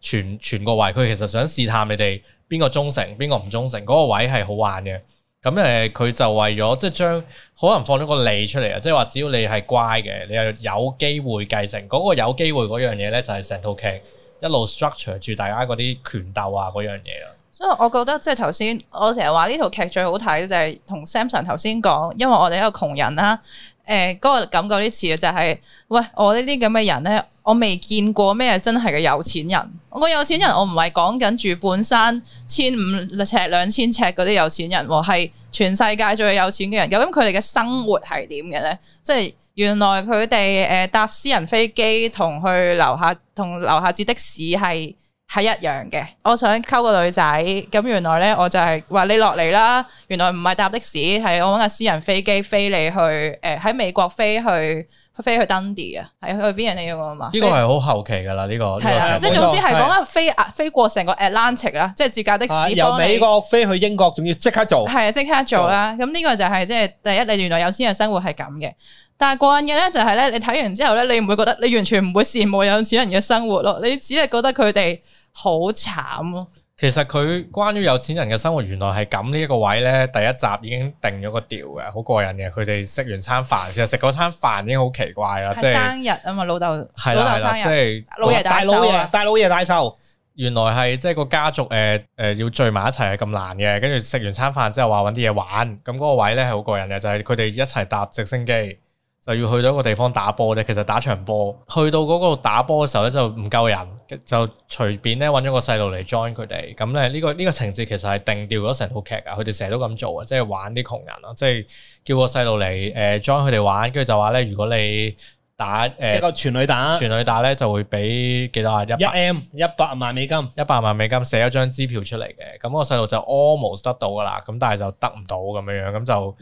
全全個位佢其實想試探你哋邊個忠誠，邊個唔忠誠，嗰、嗰個位係好玩嘅。咁誒，佢、呃、就為咗即係將可能放咗個利出嚟啊！即係話只要你係乖嘅，你又有機會繼承嗰、嗰個有機會嗰樣嘢咧，就係成套劇一路 structure 住大家嗰啲權鬥啊嗰樣嘢啊。所以，我覺得即係頭先我成日話呢套劇最好睇就係同 Samson 頭先講，因為我哋一個窮人啦。誒嗰、呃那個感覺有啲似嘅就係、是，喂！我呢啲咁嘅人咧，我未見過咩真係嘅有錢人。我有錢人，我唔係講緊住半山千五尺兩千尺嗰啲有錢人，係全世界最有錢嘅人。究竟佢哋嘅生活係點嘅咧？即係原來佢哋誒搭私人飛機同去樓下同樓下截的士係。係一樣嘅，我想溝個女仔，咁原來咧我就係話你落嚟啦，原來唔係搭的士，係我搵個私人飛機飛你去，誒、呃、喺美國飛去。佢飛去 Dundee 啊，係去 Virgin 嘛、嗰個？呢個係好後期噶啦，呢、呢個係啦，即係總之係講啊，飛啊的，飛過成個 Atlantic 啦的，即係自駕的士。由美國飛去英國，仲要即刻做。係啊，即刻做啦。咁呢做個就係即係第一，你原來有錢人生活係咁嘅。但係過癮嘅咧就係、是、咧，你睇完之後咧，你唔會覺得你完全唔會羨慕有錢人嘅生活咯？你只係覺得佢哋好慘。其實佢關於有錢人嘅生活，原來係咁呢一個位咧，第一集已經定咗個調嘅，好過癮嘅。佢哋食完餐飯，其實食嗰餐飯已經好奇怪啦是，即係生日啊嘛，老豆係啦，即係大老爺大老爺大壽，原來係即係個家族誒誒、呃呃、要聚埋一齊係咁難嘅。跟住食完餐飯之後話搵啲嘢玩，咁嗰個位咧係好過癮嘅，就係佢哋一齊搭直升機。就要去到一個地方打波咧，其實打場波，去到嗰個打波嘅時候咧就唔夠人，就隨便咧揾咗個細路嚟 join 佢哋，咁咧呢個呢、呢個情節其實係定調咗成套劇噶，佢哋成日都咁做啊，即係玩啲窮人咯，即係叫個細路嚟誒 join 佢哋玩，跟住就話咧如果你打誒、呃、一個全女打，全女打咧就會俾幾多啊？一一 M 一百萬美金，一百萬美金寫一張支票出嚟嘅，咁、嗰個細路就 almost 得到噶啦，咁但係就得唔到咁樣樣，咁就。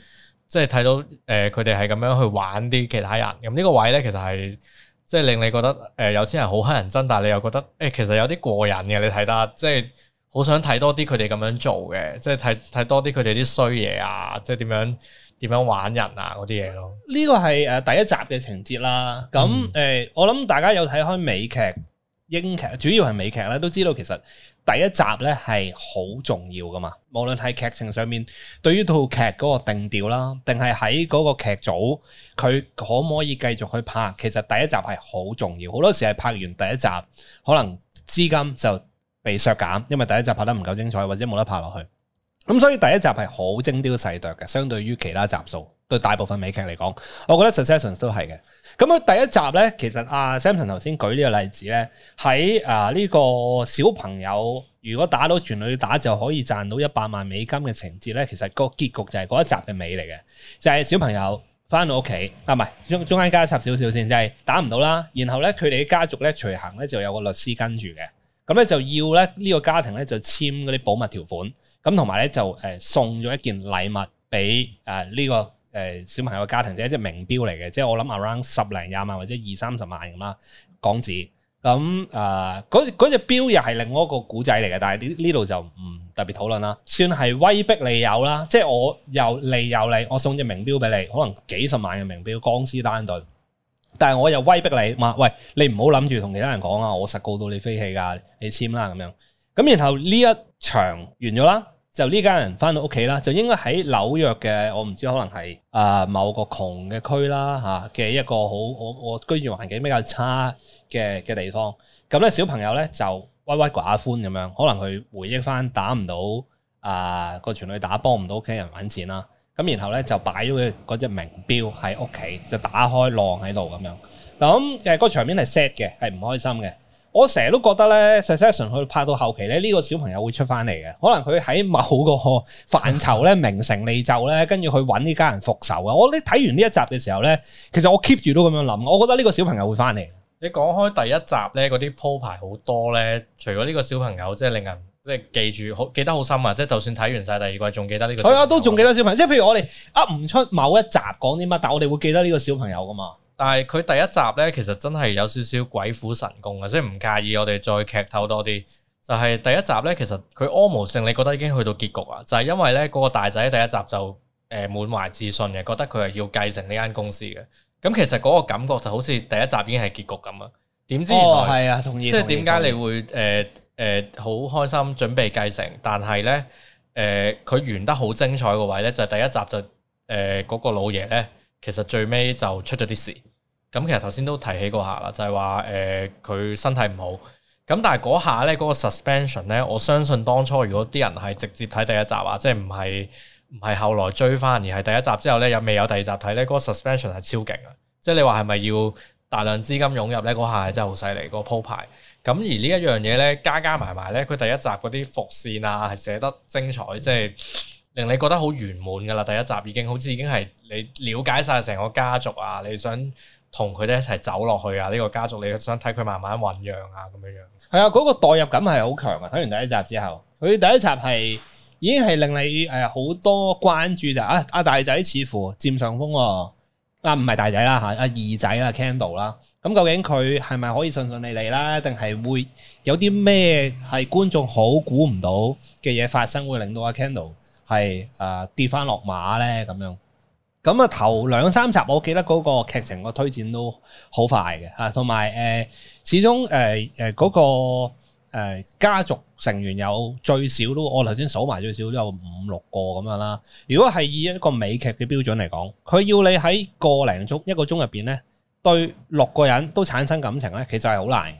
即係睇到，誒佢哋係咁樣去玩啲其他人，咁、嗯、呢、這個位咧，其實係即係令你覺得，誒、呃、有啲人好乞人憎，但係你又覺得，誒、欸、其實有啲過癮嘅，你睇得即係好想睇多啲佢哋咁樣做嘅，即係睇睇多啲佢哋啲衰嘢啊，即係點樣點樣玩人啊嗰啲嘢咯。呢個係誒第一集嘅情節啦，咁誒、嗯欸、我諗大家有睇開美劇、英劇，主要係美劇咧，都知道其實。第一集咧，係好重要噶嘛，無論係劇情上面，對於套劇嗰個定調啦，定係喺嗰個劇組佢可唔可以繼續去拍，其實第一集係好重要，好多時係拍完第一集，可能資金就被削減，因為第一集拍得唔夠精彩，或者冇得拍落去，咁所以第一集係好精雕細琢嘅，相對於其他集數，對大部分美劇嚟講，我覺得 Succession 都係嘅。咁啊，第一集咧，其實啊，Samson 頭先舉呢個例子咧，喺啊呢個小朋友如果打到全女打就可以賺到一百萬美金嘅情節咧，其實個結局就係嗰一集嘅尾嚟嘅，就係小朋友翻到屋企，啊，唔係，中中間加插少少先，就係打唔到啦。然後咧，佢哋嘅家族咧隨行咧就有個律師跟住嘅，咁咧就要咧呢個家庭咧就簽嗰啲保密條款，咁同埋咧就誒送咗一件禮物俾啊呢個。誒、呃、小朋友嘅家庭，就係隻名錶嚟嘅，即係我諗 around 十零廿萬或者二三十萬咁啦港紙。咁誒嗰嗰隻錶又係另外一個古仔嚟嘅，但係呢呢度就唔特別討論啦。算係威逼利誘啦，即係我又利誘你，我送隻名錶俾你，可能幾十萬嘅名錶，江詩丹頓。但係我又威逼你，話喂，你唔好諗住同其他人講啊，我實告到你飛起㗎，你簽啦咁樣。咁然後呢一場完咗啦。就呢家人翻到屋企啦，就應該喺紐約嘅，我唔知可能係啊、呃、某個窮嘅區啦，嚇嘅一個好我我居住環境比較差嘅嘅地方，咁咧小朋友咧就歪歪寡歡咁樣，可能佢回憶翻打唔到，、呃、全女打到啊個傳媒打幫唔到屋企人揾錢啦，咁然後咧就擺咗佢嗰隻名錶喺屋企，就打開晾喺度咁樣，咁、呃、嘅、嗰個場面係 sad 嘅，係唔開心嘅。我成日都覺得咧，Succession 佢拍到後期咧，呢個小朋友會出翻嚟嘅。可能佢喺某個範疇咧， 名成利就咧，跟住去揾呢家人復仇啊！我啲睇完呢一集嘅時候咧，其實我 keep 住都咁樣諗，我覺得呢個小朋友會翻嚟。你講開第一集咧，嗰啲鋪排好多咧，除咗呢個小朋友，即係令人即係記住，好，記得好深啊！即係就算睇完晒第二季，仲記得呢個小朋友。係啊，都仲記得小朋友，即係譬如我哋呃，唔出某一集講啲乜，但係我哋會記得呢個小朋友㗎嘛。但係佢第一集咧，其實真係有少少鬼斧神工嘅，即係唔介意我哋再劇透多啲。就係、是、第一集咧，其實佢 Almost 性，你覺得已經去到結局啊？就係、是、因為咧，嗰、那個大仔第一集就誒滿、呃、懷自信嘅，覺得佢係要繼承呢間公司嘅。咁其實嗰個感覺就好似第一集已經係結局咁啊？點知原來哦，係啊，同意，即係點解你會誒誒好開心準備繼承？但係咧誒，佢、呃、完得好精彩個位咧，就係、是、第一集就誒嗰、呃那個老爺咧，其實最尾就出咗啲事。咁其實頭先都提起嗰下啦，就係話誒佢身體唔好。咁但係嗰下咧，嗰個 suspension 咧，我相信當初如果啲人係直接睇第一集啊，即係唔係唔係後來追翻，而係第一集之後咧又未有第二集睇咧，嗰個 suspension 係超勁啊！即係你話係咪要大量資金湧入咧？嗰下係真係好犀利，嗰個鋪排。咁而呢一樣嘢咧，加加埋埋咧，佢第一集嗰啲伏線啊，係寫得精彩，即係令你覺得好圓滿噶啦。第一集已經好似已經係你了解晒成個家族啊，你想。同佢哋一齊走落去啊！呢、這個家族，你想睇佢慢慢醖釀啊，咁樣樣。係啊，嗰個代入感係好強啊！睇完第一集之後，佢第一集係已經係令你誒好、哎、多關注就啊，阿大仔似乎佔上風、哦、啊，唔係大仔啦嚇，阿、啊、二仔啦 Kendall 啦。咁究竟佢係咪可以順順利利啦，定係會有啲咩係觀眾好估唔到嘅嘢發生，會令到阿 Kendall 係誒跌翻落馬咧咁樣？咁啊、嗯，頭兩三集我記得嗰個劇情個推展都好快嘅嚇，同埋誒，始終誒誒嗰個家族成員有最少都，我頭先數埋最少都有五六個咁樣啦。如果係以一個美劇嘅標準嚟講，佢要你喺個零鐘一個鐘入邊咧，對六個人都產生感情咧，其實係好難。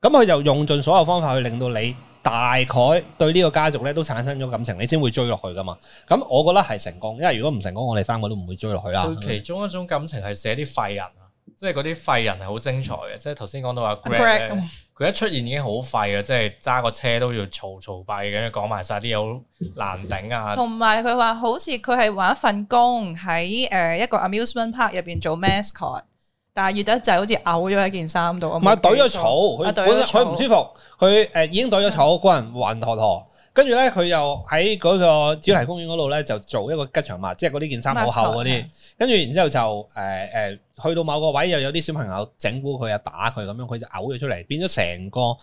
咁佢就用盡所有方法去令到你。大概對呢個家族咧都產生咗感情，你先會追落去噶嘛？咁我覺得係成功，因為如果唔成功，我哋三個都唔會追落去啦。其中一種感情係寫啲廢人啊，即係嗰啲廢人係好精彩嘅，即係頭先講到話 g r 佢 Greg, 一出現已經好廢嘅，即係揸個車都要嘈嘈閉，跟住講埋晒啲好難頂啊。同埋佢話好似佢係揾一份工喺誒一個 amusement park 入邊做 m a s c o t 但係熱得滯就好似嘔咗喺件衫度，唔係懟咗草，佢、啊、本身佢唔舒服，佢誒已經懟咗草，的人陀陀個人暈陀陀，跟住咧佢又喺嗰個主題公園嗰度咧就做一個吉祥物，嗯、即係嗰啲件衫好厚嗰啲，跟住錯然之後就誒誒、呃、去到某個位又有啲小朋友整蠱佢啊打佢咁樣，佢就嘔咗出嚟，變咗成個誒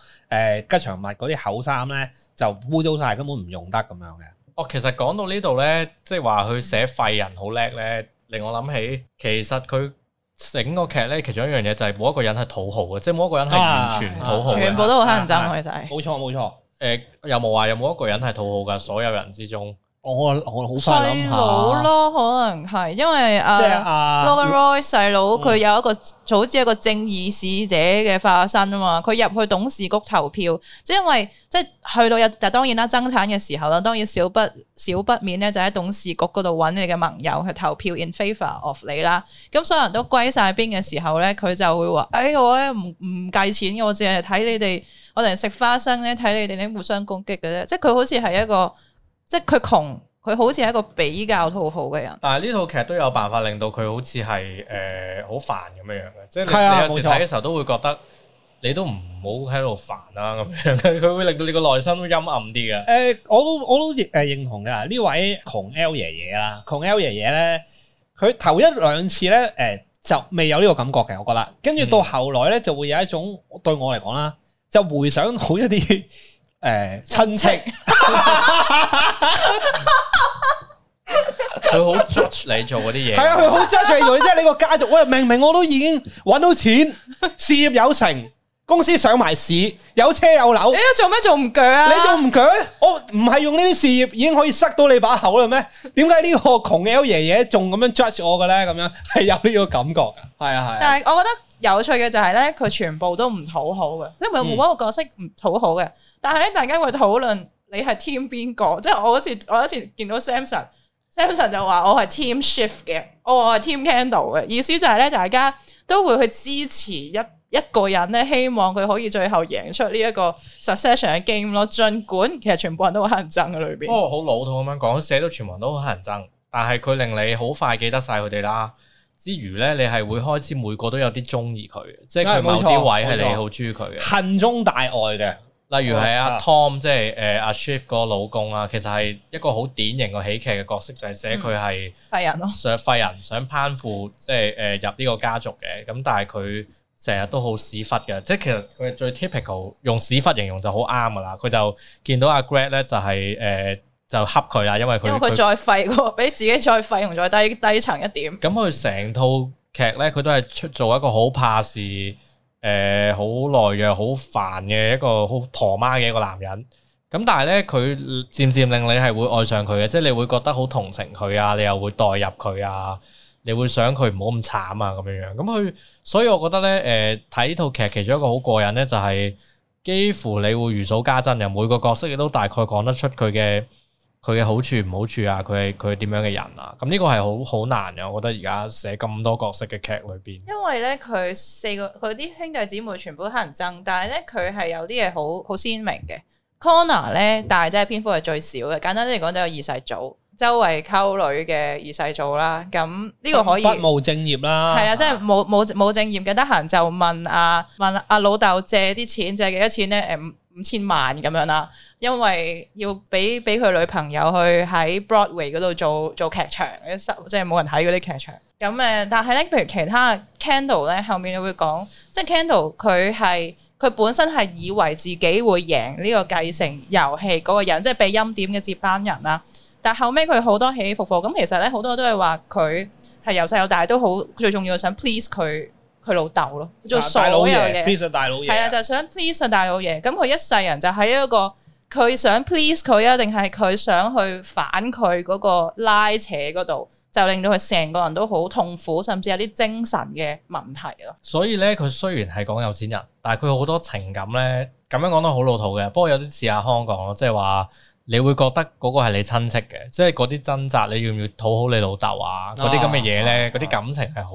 吉祥物嗰啲厚衫咧就污糟晒，根本唔用得咁樣嘅。哦、嗯就是，其實講到呢度咧，即係話佢寫廢人好叻咧，令我諗起其實佢。整個劇咧，其中一有一樣嘢就係冇一個人係討好嘅，即係冇一個人係完全討好嘅，啊啊、全部都好乞人憎嘅就係、是，冇錯冇錯，冇錯呃、有又冇話有冇一個人係討好㗎，所有人之中。我我我好快諗下，細佬咯，可能係因為啊，啊，Logan Roy 細佬，佢有一個就好似一個正義使者嘅化身啊嘛。佢入去董事局投票，即係因為即係去到日，但當然啦，爭產嘅時候啦，當然少不少不免咧，就喺、是、董事局嗰度揾你嘅盟友去投票 in favor of 你啦。咁所有人都歸晒邊嘅時候咧，佢就會話，哎，我咧唔唔計錢嘅，我淨係睇你哋，我哋食花生咧，睇你哋啲互相攻擊嘅啫。即係佢好似係一個。即係佢窮，佢好似係一個比較討好嘅人。但係呢套劇都有辦法令到佢好似係誒好煩咁樣樣嘅，即係你，你有時睇嘅時候都會覺得你都唔好喺度煩啦咁樣。佢會令到你個內心都陰暗啲嘅。誒、呃，我都我都誒認同嘅。位窮爺爺窮爺爺呢位窮 L 爺爺啦，窮 L 爺爺咧，佢頭一兩次咧，誒、呃、就未有呢個感覺嘅，我覺得跟住到後來咧，就會有一種對我嚟講啦，就回想好一啲誒親戚。佢好 judge 你做嗰啲嘢，係啊，佢好 judge 你做，即係 你個家族喂，明明我都已經揾到錢，事業有成，公司上埋市，有車有樓，你做咩做唔舉啊？你做唔舉？我唔係用呢啲事業已經可以塞到你把口啦咩？點解呢個窮嘅老爺爺仲咁樣 judge 我嘅咧？咁樣係有呢個感覺噶，係啊係。啊但係我覺得有趣嘅就係咧，佢全部都唔討好嘅，即係唔係每一個角色唔討好嘅。嗯、但係咧，大家會討論你係 team 邊個，即係我好似我好似見到 Samson。Samson 就話我係 Team Shift 嘅，我我係 Team Candle 嘅，意思就係咧，大家都會去支持一一個人咧，希望佢可以最後贏出呢一個 Succession 嘅 game 咯。盡管其實全部人都好乞人憎喺裏邊，哦，好老土咁樣講，寫到全部人都好乞人憎，但係佢令你好快記得晒佢哋啦。之餘咧，你係會開始每個都有啲中意佢嘅，即係佢某啲位係你好中意佢嘅，恨中大愛嘅。例如係阿 Tom 即係誒阿、uh, Shiv 個老公啊，其實係一個好典型個喜劇嘅角色，就係寫佢係廢人咯，想廢人想攀附即係誒、uh, 入呢個家族嘅。咁但係佢成日都好屎忽嘅，即係其實佢係最 typical 用屎忽形容就好啱噶啦。佢就見到阿 Greg 咧就係、是、誒、uh, 就恰佢啦，因為佢因為佢再廢，他 比自己再廢，仲再低低層一點。咁佢成套劇咧，佢都係出做一個好怕事。誒好懦弱、好煩嘅一個好婆媽嘅一個男人，咁但係咧佢漸漸令你係會愛上佢嘅，即係你會覺得好同情佢啊，你又會代入佢啊，你會想佢唔好咁慘啊咁樣樣。咁佢，所以我覺得咧，誒睇套劇其中一個好過癮咧，就係幾乎你會如數家珍，又每個角色亦都大概講得出佢嘅。佢嘅好處唔好處啊，佢係佢點樣嘅人啊？咁呢個係好好難啊。我覺得而家寫咁多角色嘅劇裏邊，因為咧，佢四個佢啲兄弟姊妹全部都乞人憎，但係咧佢係有啲嘢好好鮮明嘅。Connor 咧，嗯、大隻篇幅係最少嘅。簡單啲嚟講，就有二世祖，周圍溝女嘅二世祖啦。咁呢個可以不務正業啦。係啊，即係冇冇冇正業嘅，得閒就問啊問阿、啊、老豆借啲錢，借幾多錢咧？誒、嗯五千萬咁樣啦，因為要俾俾佢女朋友去喺 Broadway 嗰度做做劇場，即係冇人睇嗰啲劇場。咁、嗯、誒，但係咧，譬如其他 Candle 咧，後面你會講，即係 Candle 佢係佢本身係以為自己會贏呢個繼承遊戲嗰個人，即係俾欽點嘅接班人啦。但係後尾佢好多起起伏伏，咁其實咧好多都係話佢係由細到大都好最重要想 please 佢佢老豆咯，做所有嘢 please 大老爺，係啊，就係想 please 大老爺。咁佢對一世人就喺一個，佢想 please 佢啊，定係佢想去反佢嗰個拉扯嗰度，就令到佢成個人都好痛苦，甚至有啲精神嘅問題咯。所以咧，佢雖然係講有錢人，但係佢好多情感咧，咁樣講都好老土嘅。不過有啲似阿康講咯，即係話你會覺得嗰個係你親戚嘅，即係嗰啲掙扎，你要唔要討好你老豆啊？嗰啲咁嘅嘢咧，嗰啲、啊、感情係好。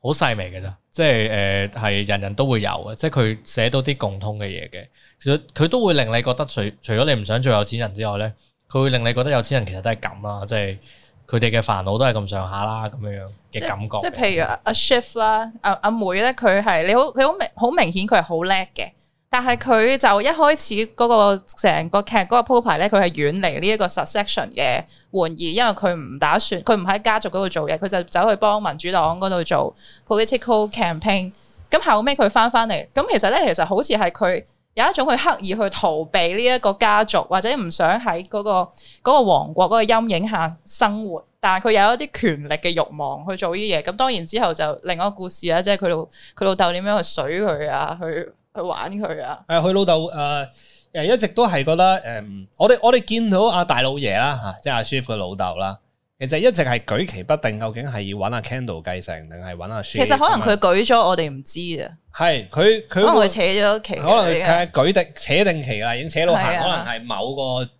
好細微嘅咋，即係誒係人人都會有嘅，即係佢寫到啲共通嘅嘢嘅。其實佢都會令你覺得除，除除咗你唔想做有錢人之外咧，佢會令你覺得有錢人其實都係咁啊，即係佢哋嘅煩惱都係咁上下啦，咁樣樣嘅感覺即。即係譬如阿 Shiv 啦，阿阿妹咧，佢係你好你好明好明顯，佢係好叻嘅。但係佢就一開始嗰、那個成個劇嗰、那個鋪排咧，佢係遠離呢一個 Succession 嘅玩意，因為佢唔打算，佢唔喺家族嗰度做嘢，佢就走去幫民主黨嗰度做 political campaign、嗯。咁後尾佢翻翻嚟，咁、嗯、其實咧，其實好似係佢有一種佢刻意去逃避呢一個家族，或者唔想喺嗰、那個嗰、那個王國嗰個陰影下生活。但係佢有一啲權力嘅慾望去做呢啲嘢。咁、嗯、當然之後就另一個故事啦，即係佢老佢老竇點樣去水佢啊，去。去玩佢啊！誒、啊，佢老豆誒誒一直都係覺得誒、嗯，我哋我哋見到阿大老爺啦嚇、啊，即係阿舒嘅老豆啦，其實一直係舉棋不定，究竟係要揾阿 Kendall 繼承，定係揾阿舒？其實可能佢舉咗，我哋唔知啊。係，佢佢可能佢扯咗棋，可能佢舉定扯定棋啦，已經扯到是、啊、可能係某個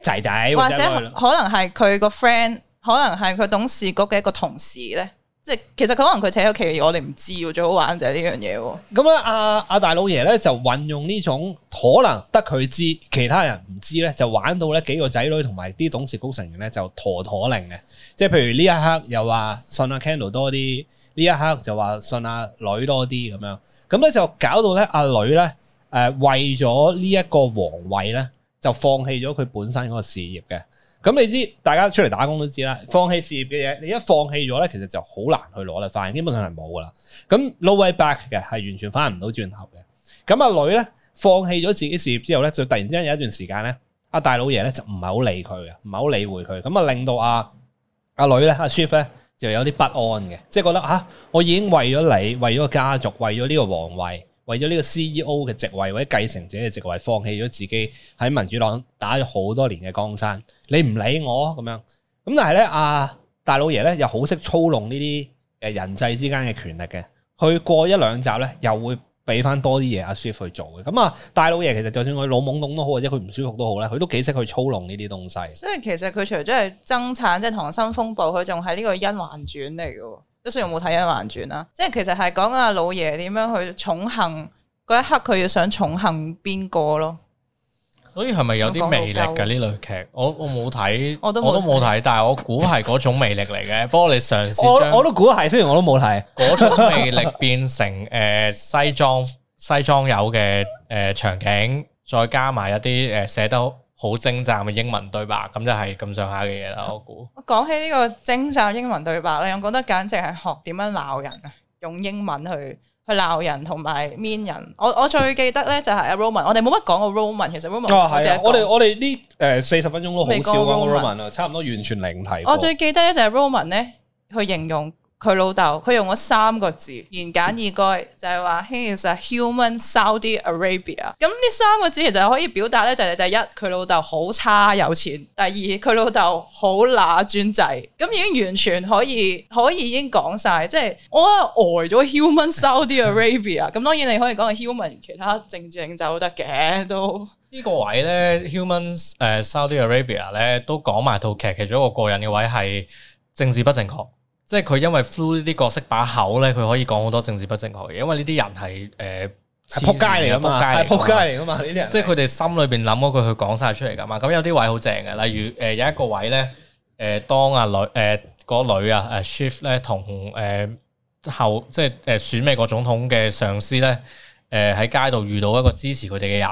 仔仔，或者，或者可能係佢個 friend，可能係佢董事局嘅一個同事咧。即係其實佢可能佢扯有其他嘢，我哋唔知。最好玩就係呢樣嘢喎。咁咧、嗯，阿、啊、阿大老爺咧就運用呢種可能得佢知，其他人唔知咧，就玩到咧幾個仔女同埋啲董事局成員咧就妥妥令嘅。即係譬如呢一刻又話信阿、啊、Candle 多啲，呢一刻就話信阿、啊、女多啲咁樣。咁、嗯、咧就搞到咧、啊、阿女咧，誒、呃、為咗呢一個皇位咧，就放棄咗佢本身嗰個事業嘅。咁、嗯、你知大家出嚟打工都知啦，放棄事業嘅嘢，你一放棄咗咧，其實就好難去攞啦，反而基本上係冇噶啦。咁、嗯、No Way Back 嘅，係完全翻唔到轉頭嘅。咁、嗯、阿女咧放棄咗自己事業之後咧，就突然之間有一段時間咧，阿、啊、大老爺咧就唔係好理佢嘅，唔係好理會佢，咁啊、嗯、令到阿、啊、阿、啊、女咧阿 Shiv 咧就有啲不安嘅，即係覺得嚇、啊，我已經為咗你，為咗個家族，為咗呢個皇位。為咗呢個 CEO 嘅職位或者繼承者嘅職位，放棄咗自己喺民主黨打咗好多年嘅江山，你唔理我咁樣。咁但係咧，阿大老爺咧又好識操弄呢啲誒人際之間嘅權力嘅，去過一兩集咧，又會俾翻多啲嘢，阿舒去做嘅。咁啊，大老爺、啊啊、其實就算佢老懵懂都好，或者佢唔舒服好都好咧，佢都幾識去操弄呢啲東西。所以其實佢除咗係爭產，即係溏心風暴，佢仲係呢個甄嬛傳嚟嘅。都雖然冇睇《甄嬛傳》是是啊？即係其實係講緊阿老爺點樣去寵幸嗰一刻，佢要想寵幸邊個咯？所以係咪有啲魅力㗎呢類劇？我我冇睇，我都冇睇，但係我估係嗰種魅力嚟嘅。 不過你嘗試，我我都估係，雖然我都冇睇嗰種魅力，變成誒、呃、西裝西裝有嘅誒、呃、場景，再加埋一啲誒寫得好好精湛嘅英文對白，咁就係咁上下嘅嘢啦，我估。我講起呢個精湛英文對白咧，我覺得簡直係學點樣鬧人啊，用英文去去鬧人同埋 mean 人。我我最記得咧就係 Roman，我哋冇乜講過 Roman，其實 Roman 啊係啊，我哋我哋呢誒四十分鐘都好少講啊，Roman 啊，差唔多完全零提。我最記得咧就係 Roman 咧去形容佢老豆，佢用咗三個字，言簡意賅，就係話，he is a human Saudi Arabia。咁呢三個字其實可以表達咧，就係第一，佢老豆好差有錢；第二，佢老豆好乸專制。咁已經完全可以，可以已經講晒，即係我呆咗 human Saudi Arabia。咁 當然你可以講 human 其他政治領袖都得嘅，都呢個位咧 human 誒、uh, Saudi Arabia 咧都講埋套劇，其中一個個人嘅位係政治不正確。即係佢因為 through 呢啲角色把口咧，佢可以講好多政治不正確嘅，因為呢啲人係誒仆街嚟噶嘛，係仆街嚟噶嘛呢啲。即係佢哋心裏邊諗嗰句，佢講晒出嚟噶嘛。咁有啲位好正嘅，例如誒、呃、有一個位咧，誒、呃、當阿女誒嗰女啊，誒 Shiv 咧同誒後即係誒選美國總統嘅上司咧，誒、呃、喺、呃、街度遇到一個支持佢哋嘅人。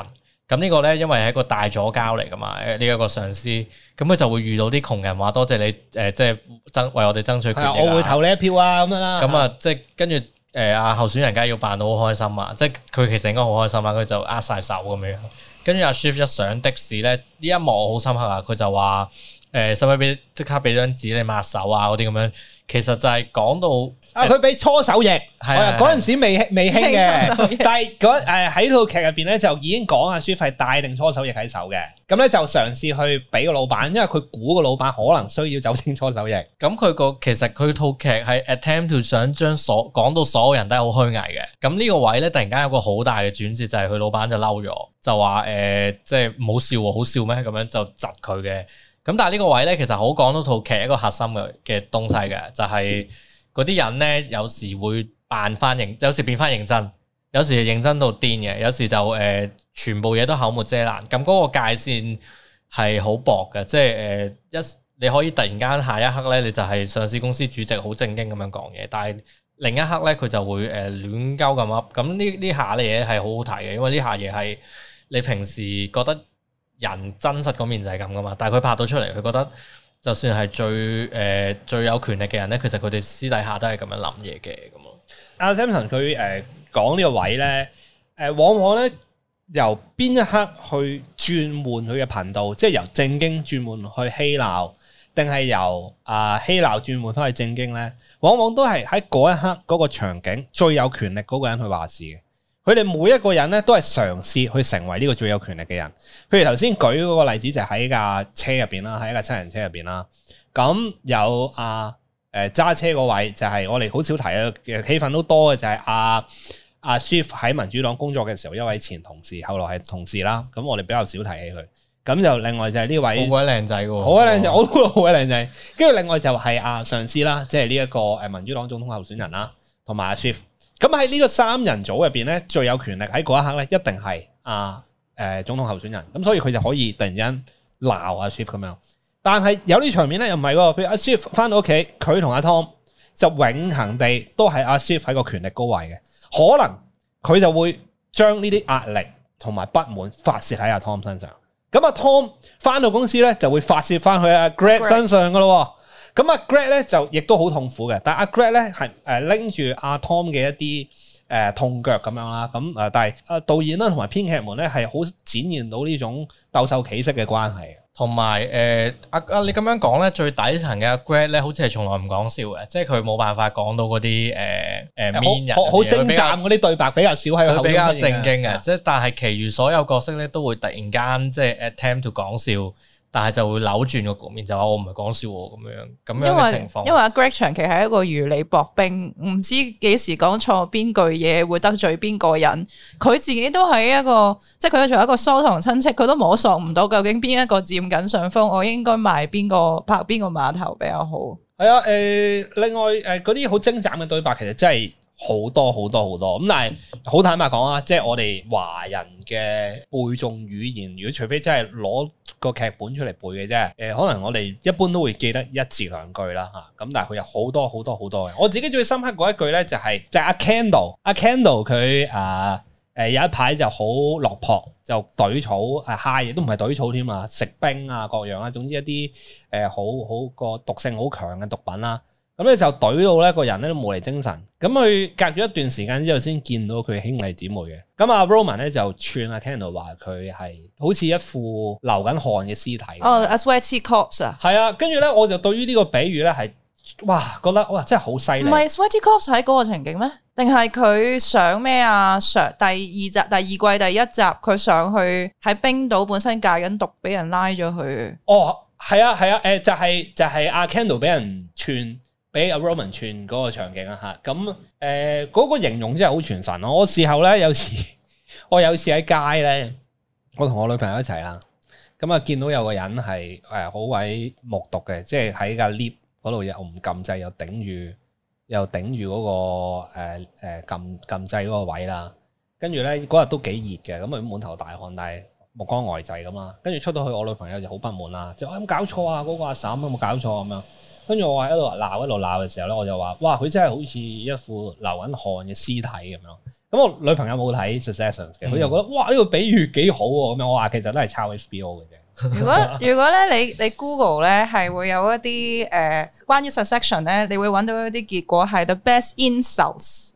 咁呢個咧，因為係一個大左膠嚟㗎嘛，呢、這、一個上司，咁佢就會遇到啲窮人話，多謝你，誒、呃，即係爭為我哋爭取權益，啊啊，我會投你一票啊，咁樣啦。咁啊，即係跟住，誒，阿、呃、候選人家要扮到好開心啊，即係佢其實應該好開心啊，佢就握晒手咁樣。跟住阿 Shiv 一上的士咧，呢一幕我好深刻啊，佢就話。誒，使唔使俾即刻俾張紙你抹手啊？嗰啲咁樣，其實就係講到、呃、啊，佢俾搓手液，係嗰陣時未未興嘅。但係誒喺套劇入邊咧，就已經講阿書費帶定搓手液喺手嘅。咁咧就嘗試去俾個老闆，因為佢估個老闆可能需要酒精搓手液。咁佢個其實佢套劇係 attempt to 想將所講到所有人都係好虛偽嘅。咁呢個位咧突然間有個好大嘅轉折，就係、是、佢老闆就嬲咗，就話誒、呃，即係唔好笑好笑咩？咁樣就窒佢嘅。咁但係呢個位咧，其實好講到套劇一個核心嘅嘅東西嘅，就係嗰啲人咧，有時會扮翻認，有時變翻認真，有時認真到癲嘅，有時就誒、呃、全部嘢都口冇遮攔。咁嗰個界線係好薄嘅，即係誒、呃、一你可以突然間下一刻咧，你就係上市公司主席，好正經咁樣講嘢，但係另一刻咧，佢就會誒亂鳩咁噏。咁呢呢下嘅嘢係好好睇嘅，因為呢下嘢係你平時覺得。人真實個面就係咁噶嘛，但係佢拍到出嚟，佢覺得就算係最誒、呃、最有權力嘅人咧，其實佢哋私底下都係咁樣諗嘢嘅咁咯。阿 Samson 佢誒講呢個位咧，誒、呃、往往咧由邊一刻去轉換佢嘅頻道，即係由正經轉換去嬉鬧，定係由啊嬉鬧轉換翻去正經咧，往往都係喺嗰一刻嗰個場景最有權力嗰個人去話事嘅。佢哋每一個人咧都係嘗試去成為呢個最有權力嘅人。譬如頭先舉嗰個例子就喺架車入邊啦，喺一架七人車入邊啦。咁有阿誒揸車嗰位就係我哋好少提嘅，氣氛都多嘅就係、是、阿、啊、阿、啊、Shiv 喺民主黨工作嘅時候一位前同事，後來係同事啦。咁我哋比較少提起佢。咁就另外就係呢位好鬼靚仔嘅， 好鬼靚仔，我好鬼靚仔。跟住另外就係阿上司啦，即係呢一個誒民主黨總統候選人啦，同埋阿、啊、Shiv。咁喺呢個三人組入邊咧，最有權力喺嗰一刻咧，一定係阿誒總統候選人，咁所以佢就可以突然間鬧阿、啊、Shiv 咁樣。但係有啲場面咧又唔係，譬如阿、啊、Shiv 翻到屋企，佢同阿 Tom 就永恒地都係阿、啊、Shiv 喺個權力高位嘅，可能佢就會將呢啲壓力同埋不滿發泄喺阿 Tom 身上。咁阿、啊、Tom 翻到公司咧，就會發泄翻去阿、啊、Greg 身上噶咯。咁阿、嗯、Greg 咧就亦都好痛苦嘅，但阿 Greg 咧係誒拎住阿 Tom 嘅一啲誒、啊、痛腳咁樣啦，咁啊，但係啊導演啦同埋編劇們咧係好展現到呢種鬥獸棋式嘅關係，同埋誒阿阿你咁樣講咧，最底層嘅阿 Greg 咧好似係從來唔講笑嘅，即係佢冇辦法講到嗰啲誒誒 mean 人嘅比較嗰啲對白比較少喺比較正經嘅，即係的但係其餘所有角色咧都會突然間即係 attempt to 講笑，但係就會扭轉個局面，就話我唔係講笑咁樣咁樣嘅情況。因為因為阿 Greg 長期係一個如履薄冰，唔知幾時講錯邊句嘢會得罪邊個人。佢自己都係一個，即係佢做一個疏堂親戚，佢都摸索唔到究竟邊一個佔緊上風，我應該賣邊個拍邊個碼頭比較好。係啊、哎，誒、呃，另外誒，嗰啲好精湛嘅對白，其實真係。好多好多好多咁，但係好坦白講啊，即、就、係、是、我哋華人嘅背誦語言，如果除非真係攞個劇本出嚟背嘅啫，誒、呃，可能我哋一般都會記得一字兩句啦吓。咁、啊、但係佢有好多好多好多嘅，我自己最深刻嗰一句咧就係就阿 Kendall，阿 Kendall 佢誒誒有一排就好落魄，就隊、是啊啊啊欸、草啊嗨，亦都唔係隊草添啊，食冰啊各樣啊，總之一啲誒、呃、好好個毒性好強嘅毒品啦、啊。咁咧就懟到咧個人咧冇嚟精神，咁佢隔咗一段時間之後先見到佢兄弟姊妹嘅。咁阿 Roman 咧就串阿 Kendall 話佢係好似一副流緊汗嘅屍體。哦、oh，Sweaty 阿 Corpse 啊，係啊，跟住咧我就對於呢個比喻咧係哇覺得哇真係好犀利。唔係 Sweaty Corpse 喺嗰個情景咩？定係佢上咩啊？上第二集第二，第二季第一集，佢上去喺冰島本身戒緊毒，俾人拉咗去。哦，係啊，係啊，誒、啊、就係、是、就係、是、阿、啊、Kendall 俾人串。俾阿 Roman 串嗰個場景啊嚇，咁誒嗰個形容真係好傳神啊。我事後咧，有時我有時喺街咧，我同我女朋友一齊啦，咁啊見到有個人係誒、啊、好鬼木獨嘅，即係喺架 lift 嗰度又唔撳掣又頂住又頂住嗰、嗰個誒誒撳撳掣嗰個位啦。跟住咧嗰日都幾熱嘅，咁啊滿頭大汗，但係目光呆滯咁啦。跟、啊、住出到去，我女朋友就好不滿啦，就話有冇搞錯啊？嗰、嗰個阿嬸有冇搞錯咁、啊、樣？啊跟住我喺一路鬧一路鬧嘅時候咧，我就話：哇！佢真係好似一副流緊汗嘅屍體咁樣。咁我女朋友冇睇 Succession 嘅，佢又覺得：哇！呢、這個比喻幾好喎、啊。咁樣我話其實都係抄 HBO 嘅啫。如果如果咧，你你 Google 咧係會有一啲誒、呃、關於 Succession 咧，你會揾到一啲結果係 the best insults。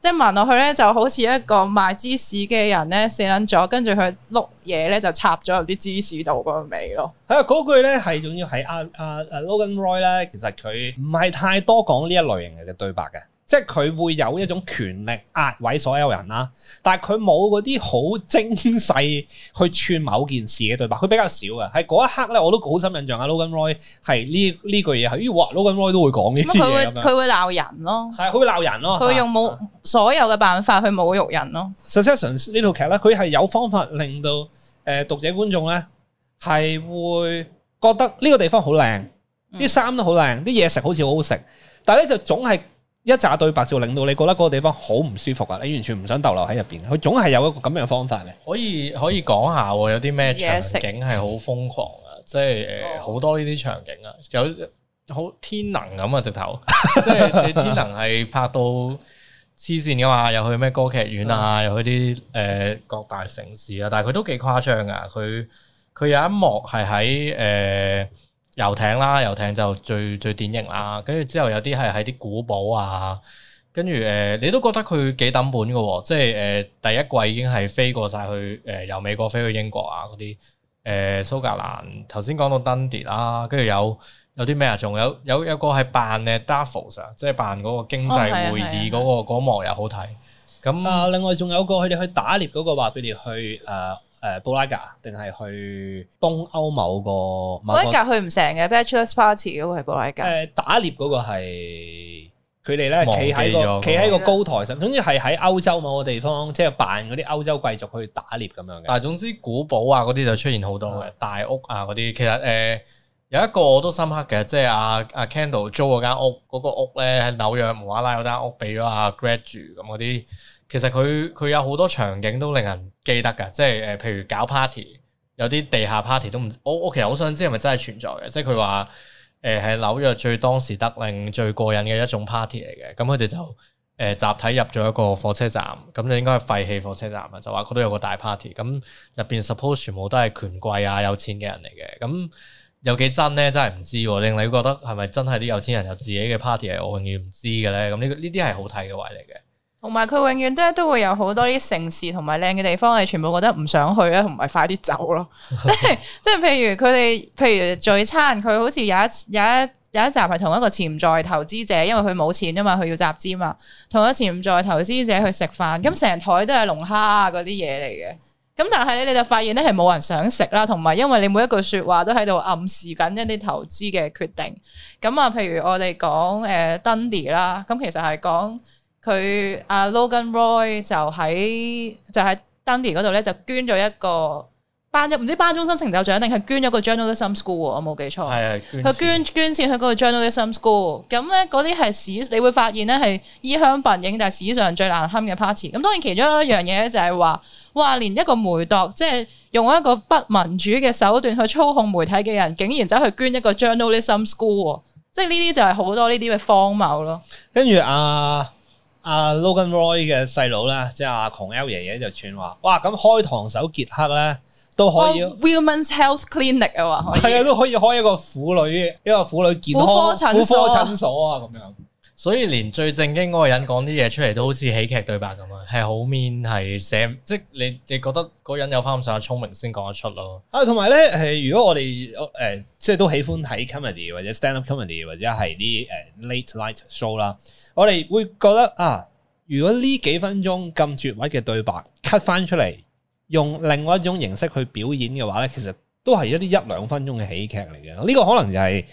即係聞落去咧，就好似一個賣芝士嘅人咧，死撚咗，跟住佢碌嘢咧就插咗入啲芝士度個味咯。係啊、嗯，嗰句咧係仲要係阿阿阿 Logan Roy 咧，其實佢唔係太多講呢一類型嘅對白嘅。即係佢會有一種權力壓毀所有人啦，但係佢冇嗰啲好精細去串某件事嘅對白，佢比較少嘅。喺嗰一刻咧，我都好深印象啊。Logan Roy 係呢呢句嘢，係如 Logan Roy 都會講嘅，咁佢會佢會鬧人咯，係佢會鬧人咯，佢用冇所有嘅辦法去侮辱人咯。Successions 呢套劇咧，佢係有方法令到誒、呃、讀者觀眾咧係會覺得呢個地方好靚，啲衫都好靚，啲嘢食好似好好食，但係咧就總係。一紮對白照令到你覺得嗰個地方好唔舒服啊！你完全唔想逗留喺入邊，佢總係有一個咁樣嘅方法咧。可以可以講下，有啲咩場景係好瘋狂啊？即係誒，好多呢啲場景啊，有好天能咁啊！直頭，即係你天能係拍到黐線噶嘛？又去咩歌劇院啊？又去啲誒、呃、各大城市啊？但係佢都幾誇張噶，佢佢有一幕係喺誒。呃遊艇啦，遊艇就最最典型啦。跟住之後有啲係喺啲古堡啊，跟住誒你都覺得佢幾抌本嘅喎、哦，即係誒、呃、第一季已經係飛過晒去誒、呃、由美國飛去英國啊嗰啲誒蘇格蘭。頭先講到 Dundee 啦，跟住有有啲咩、那個哦、啊？仲有有有一個係扮嘅 Davos 即係扮嗰個經濟會議嗰個嗰幕又好睇。咁啊，另外仲有個佢哋去打獵嗰、那個話，佢哋去誒。呃呃誒、呃、布拉格定係去東歐某個，某個布拉格去唔成嘅 Bachelor Party 嗰個係布拉格，誒打獵嗰個係佢哋咧企喺個企喺個高台上，總之係喺歐洲某個地方，即係扮嗰啲歐洲貴族去打獵咁樣嘅。但係總之古堡啊嗰啲就出現好多嘅、嗯、大屋啊嗰啲，其實誒、呃、有一個都深刻嘅，即係阿阿 Kendall 租嗰間屋，嗰、那個屋咧喺紐約摩阿拉嗰間屋俾咗阿、啊、Greg 住咁嗰啲。其實佢佢有好多場景都令人記得噶，即係誒、呃，譬如搞 party，有啲地下 party 都唔，我我其實好想知係咪真係存在嘅，即係佢話誒係紐約最當時得令最過癮嘅一種 party 嚟嘅，咁佢哋就誒、呃、集體入咗一個火車站，咁就應該係廢棄火車站啊，就話佢都有個大 party，咁入邊 suppose 全部都係權貴啊有錢嘅人嚟嘅，咁有幾真咧真係唔知，令你覺得係咪真係啲有錢人有自己嘅 party 係我永遠唔知嘅咧？咁呢個呢啲係好睇嘅位嚟嘅。同埋佢永遠都都會有好多啲城市同埋靚嘅地方，你全部覺得唔想去咧，同埋快啲走咯。 即係即係，譬如佢哋，譬如聚餐，佢好似有一有一有一集係同一個潛在投資者，因為佢冇錢啊嘛，佢要集資嘛，同一個潛在投資者去食飯，咁成枱都係龍蝦啊嗰啲嘢嚟嘅。咁但係咧，你就發現咧係冇人想食啦，同埋因為你每一句説話都喺度暗示緊一啲投資嘅決定。咁啊，譬如我哋講誒 Dundee 啦，咁、呃、其實係講。佢阿 Logan Roy 就喺就喺 Dundee 嗰度咧，就捐咗一個班一唔知班終生成就獎，定係捐咗個 journalism school？我冇記錯，係佢捐捐，的捐，捐錢去嗰個 journalism school。咁咧嗰啲係史你會發現咧係衣香鬢影，但係史上最難堪嘅 party。咁當然其中一樣嘢咧就係話，哇， 連一個媒奪，即係用一個不民主嘅手段去操控媒體嘅人，竟然走去捐一個 journalism school，即係呢啲就係好多呢啲嘅荒謬咯。跟住阿。啊阿、uh, Logan Roy 嘅細佬咧，即係阿窮 L 爺爺就串話，哇，咁開膛手傑克咧都可以。Uh, Women's Health Clinic 啊，係啊，都可以開一個婦女一個婦女健康婦科診所啊，咁樣。 所以連最正經嗰個人講啲嘢出嚟，都好似喜劇對白咁啊，係好 mean，係寫即係你你覺得嗰人有翻咁上下聰明先講得出咯。啊，同埋咧，係如果我哋誒、呃、即係都喜歡睇 comedy 或者 stand up comedy 或者係啲誒 late night show 啦。我哋會覺得啊，如果呢幾分鐘咁絕位嘅對白 cut 翻出嚟，用另外一種形式去表演嘅話呢，其實都係一啲一兩分鐘嘅喜劇嚟嘅。呢個可能就係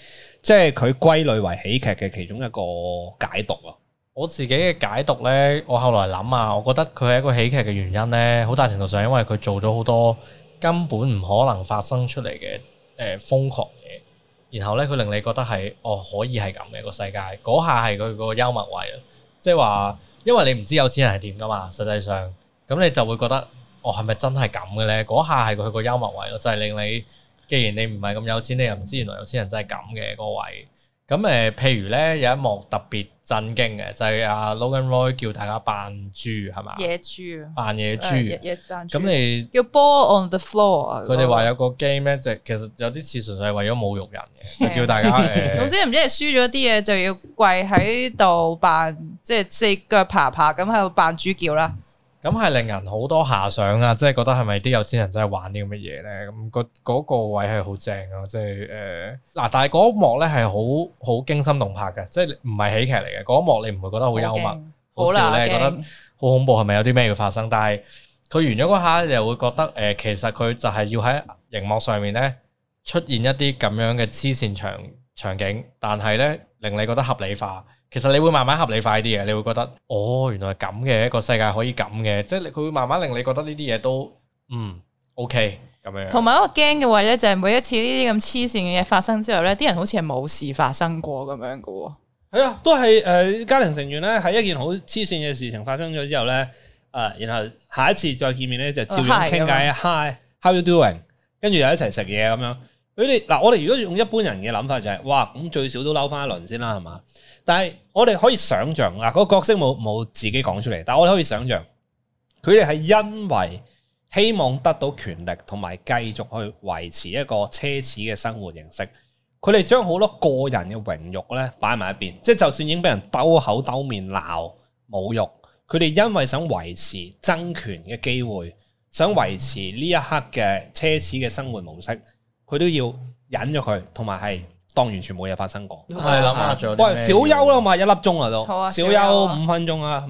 即係佢歸類為喜劇嘅其中一個解讀啊。我自己嘅解讀呢，我後來諗啊，我覺得佢係一個喜劇嘅原因呢，好大程度上因為佢做咗好多根本唔可能發生出嚟嘅誒瘋狂嘢。然後呢，佢令你覺得係，哦，可以係咁嘅個世界。嗰下係佢個幽默位，即係話，因為你唔知有錢人係點噶嘛，實際上，咁你就會覺得，哦，係咪真係咁嘅咧？嗰下係佢個幽默位咯，就係、是、令你，既然你唔係咁有錢，你又唔知原來有錢人真係咁嘅嗰個位。咁誒、呃，譬如呢，有一幕特別。震驚嘅就係、是、阿 Logan Roy 叫大家扮豬係嘛？野豬，野扮野豬。咁你叫 ball on the floor，佢哋話有個 game 咧，就其實有啲似純粹係為咗侮辱人嘅，的就叫大家誒。總之唔知係輸咗啲嘢就要跪喺度扮，即、就、係、是、四腳爬爬咁喺度扮豬叫啦。咁係、嗯、令人好多遐想啊！即係覺得係咪啲有錢人真係玩啲咁嘅嘢咧？咁嗰嗰個位係好正啊，即係誒嗱，但係嗰一幕咧係好好驚心動魄嘅，即係唔係喜劇嚟嘅嗰一幕，你唔會覺得好幽默、好笑咧，覺得好恐怖係咪有啲咩要發生？但係佢完咗嗰下你又會覺得誒、呃，其實佢就係要喺熒幕上面咧出現一啲咁樣嘅黐線場場景，但係咧令你覺得合理化。其實你會慢慢合理化啲嘅，你會覺得哦，原來係咁嘅一個世界可以咁嘅，即係佢會慢慢令你覺得呢啲嘢都嗯 OK 咁樣。同埋一個驚嘅話呢就係、是、每一次呢啲咁黐線嘅嘢發生之後呢，啲人好似係冇事發生過咁樣噶喎。係啊、嗯，都係誒、呃，家庭成員呢，係一件好黐線嘅事情發生咗之後呢，誒、呃，然後下一次再見面呢，就照樣傾偈，Hi，How you doing？跟住又一齊食嘢咁樣。你哋嗱，我哋如果用一般人嘅諗法就係、是，哇，咁、嗯、最少都嬲翻一輪先啦，係嘛？但係我哋可以想象嗱，個角色冇冇自己講出嚟，但我可以想象佢哋係因為希望得到權力，同埋繼續去維持一個奢侈嘅生活形式。佢哋將好多個人嘅榮辱咧擺埋一邊，即係就算已經俾人兜口兜面鬧侮辱，佢哋因為想維持爭權嘅機會，想維持呢一刻嘅奢侈嘅生活模式，佢都要忍咗佢，同埋係。當完全冇嘢發生過，係諗下仲有，喂，小休啦嘛，一粒鐘啊都，小休五分鐘啊。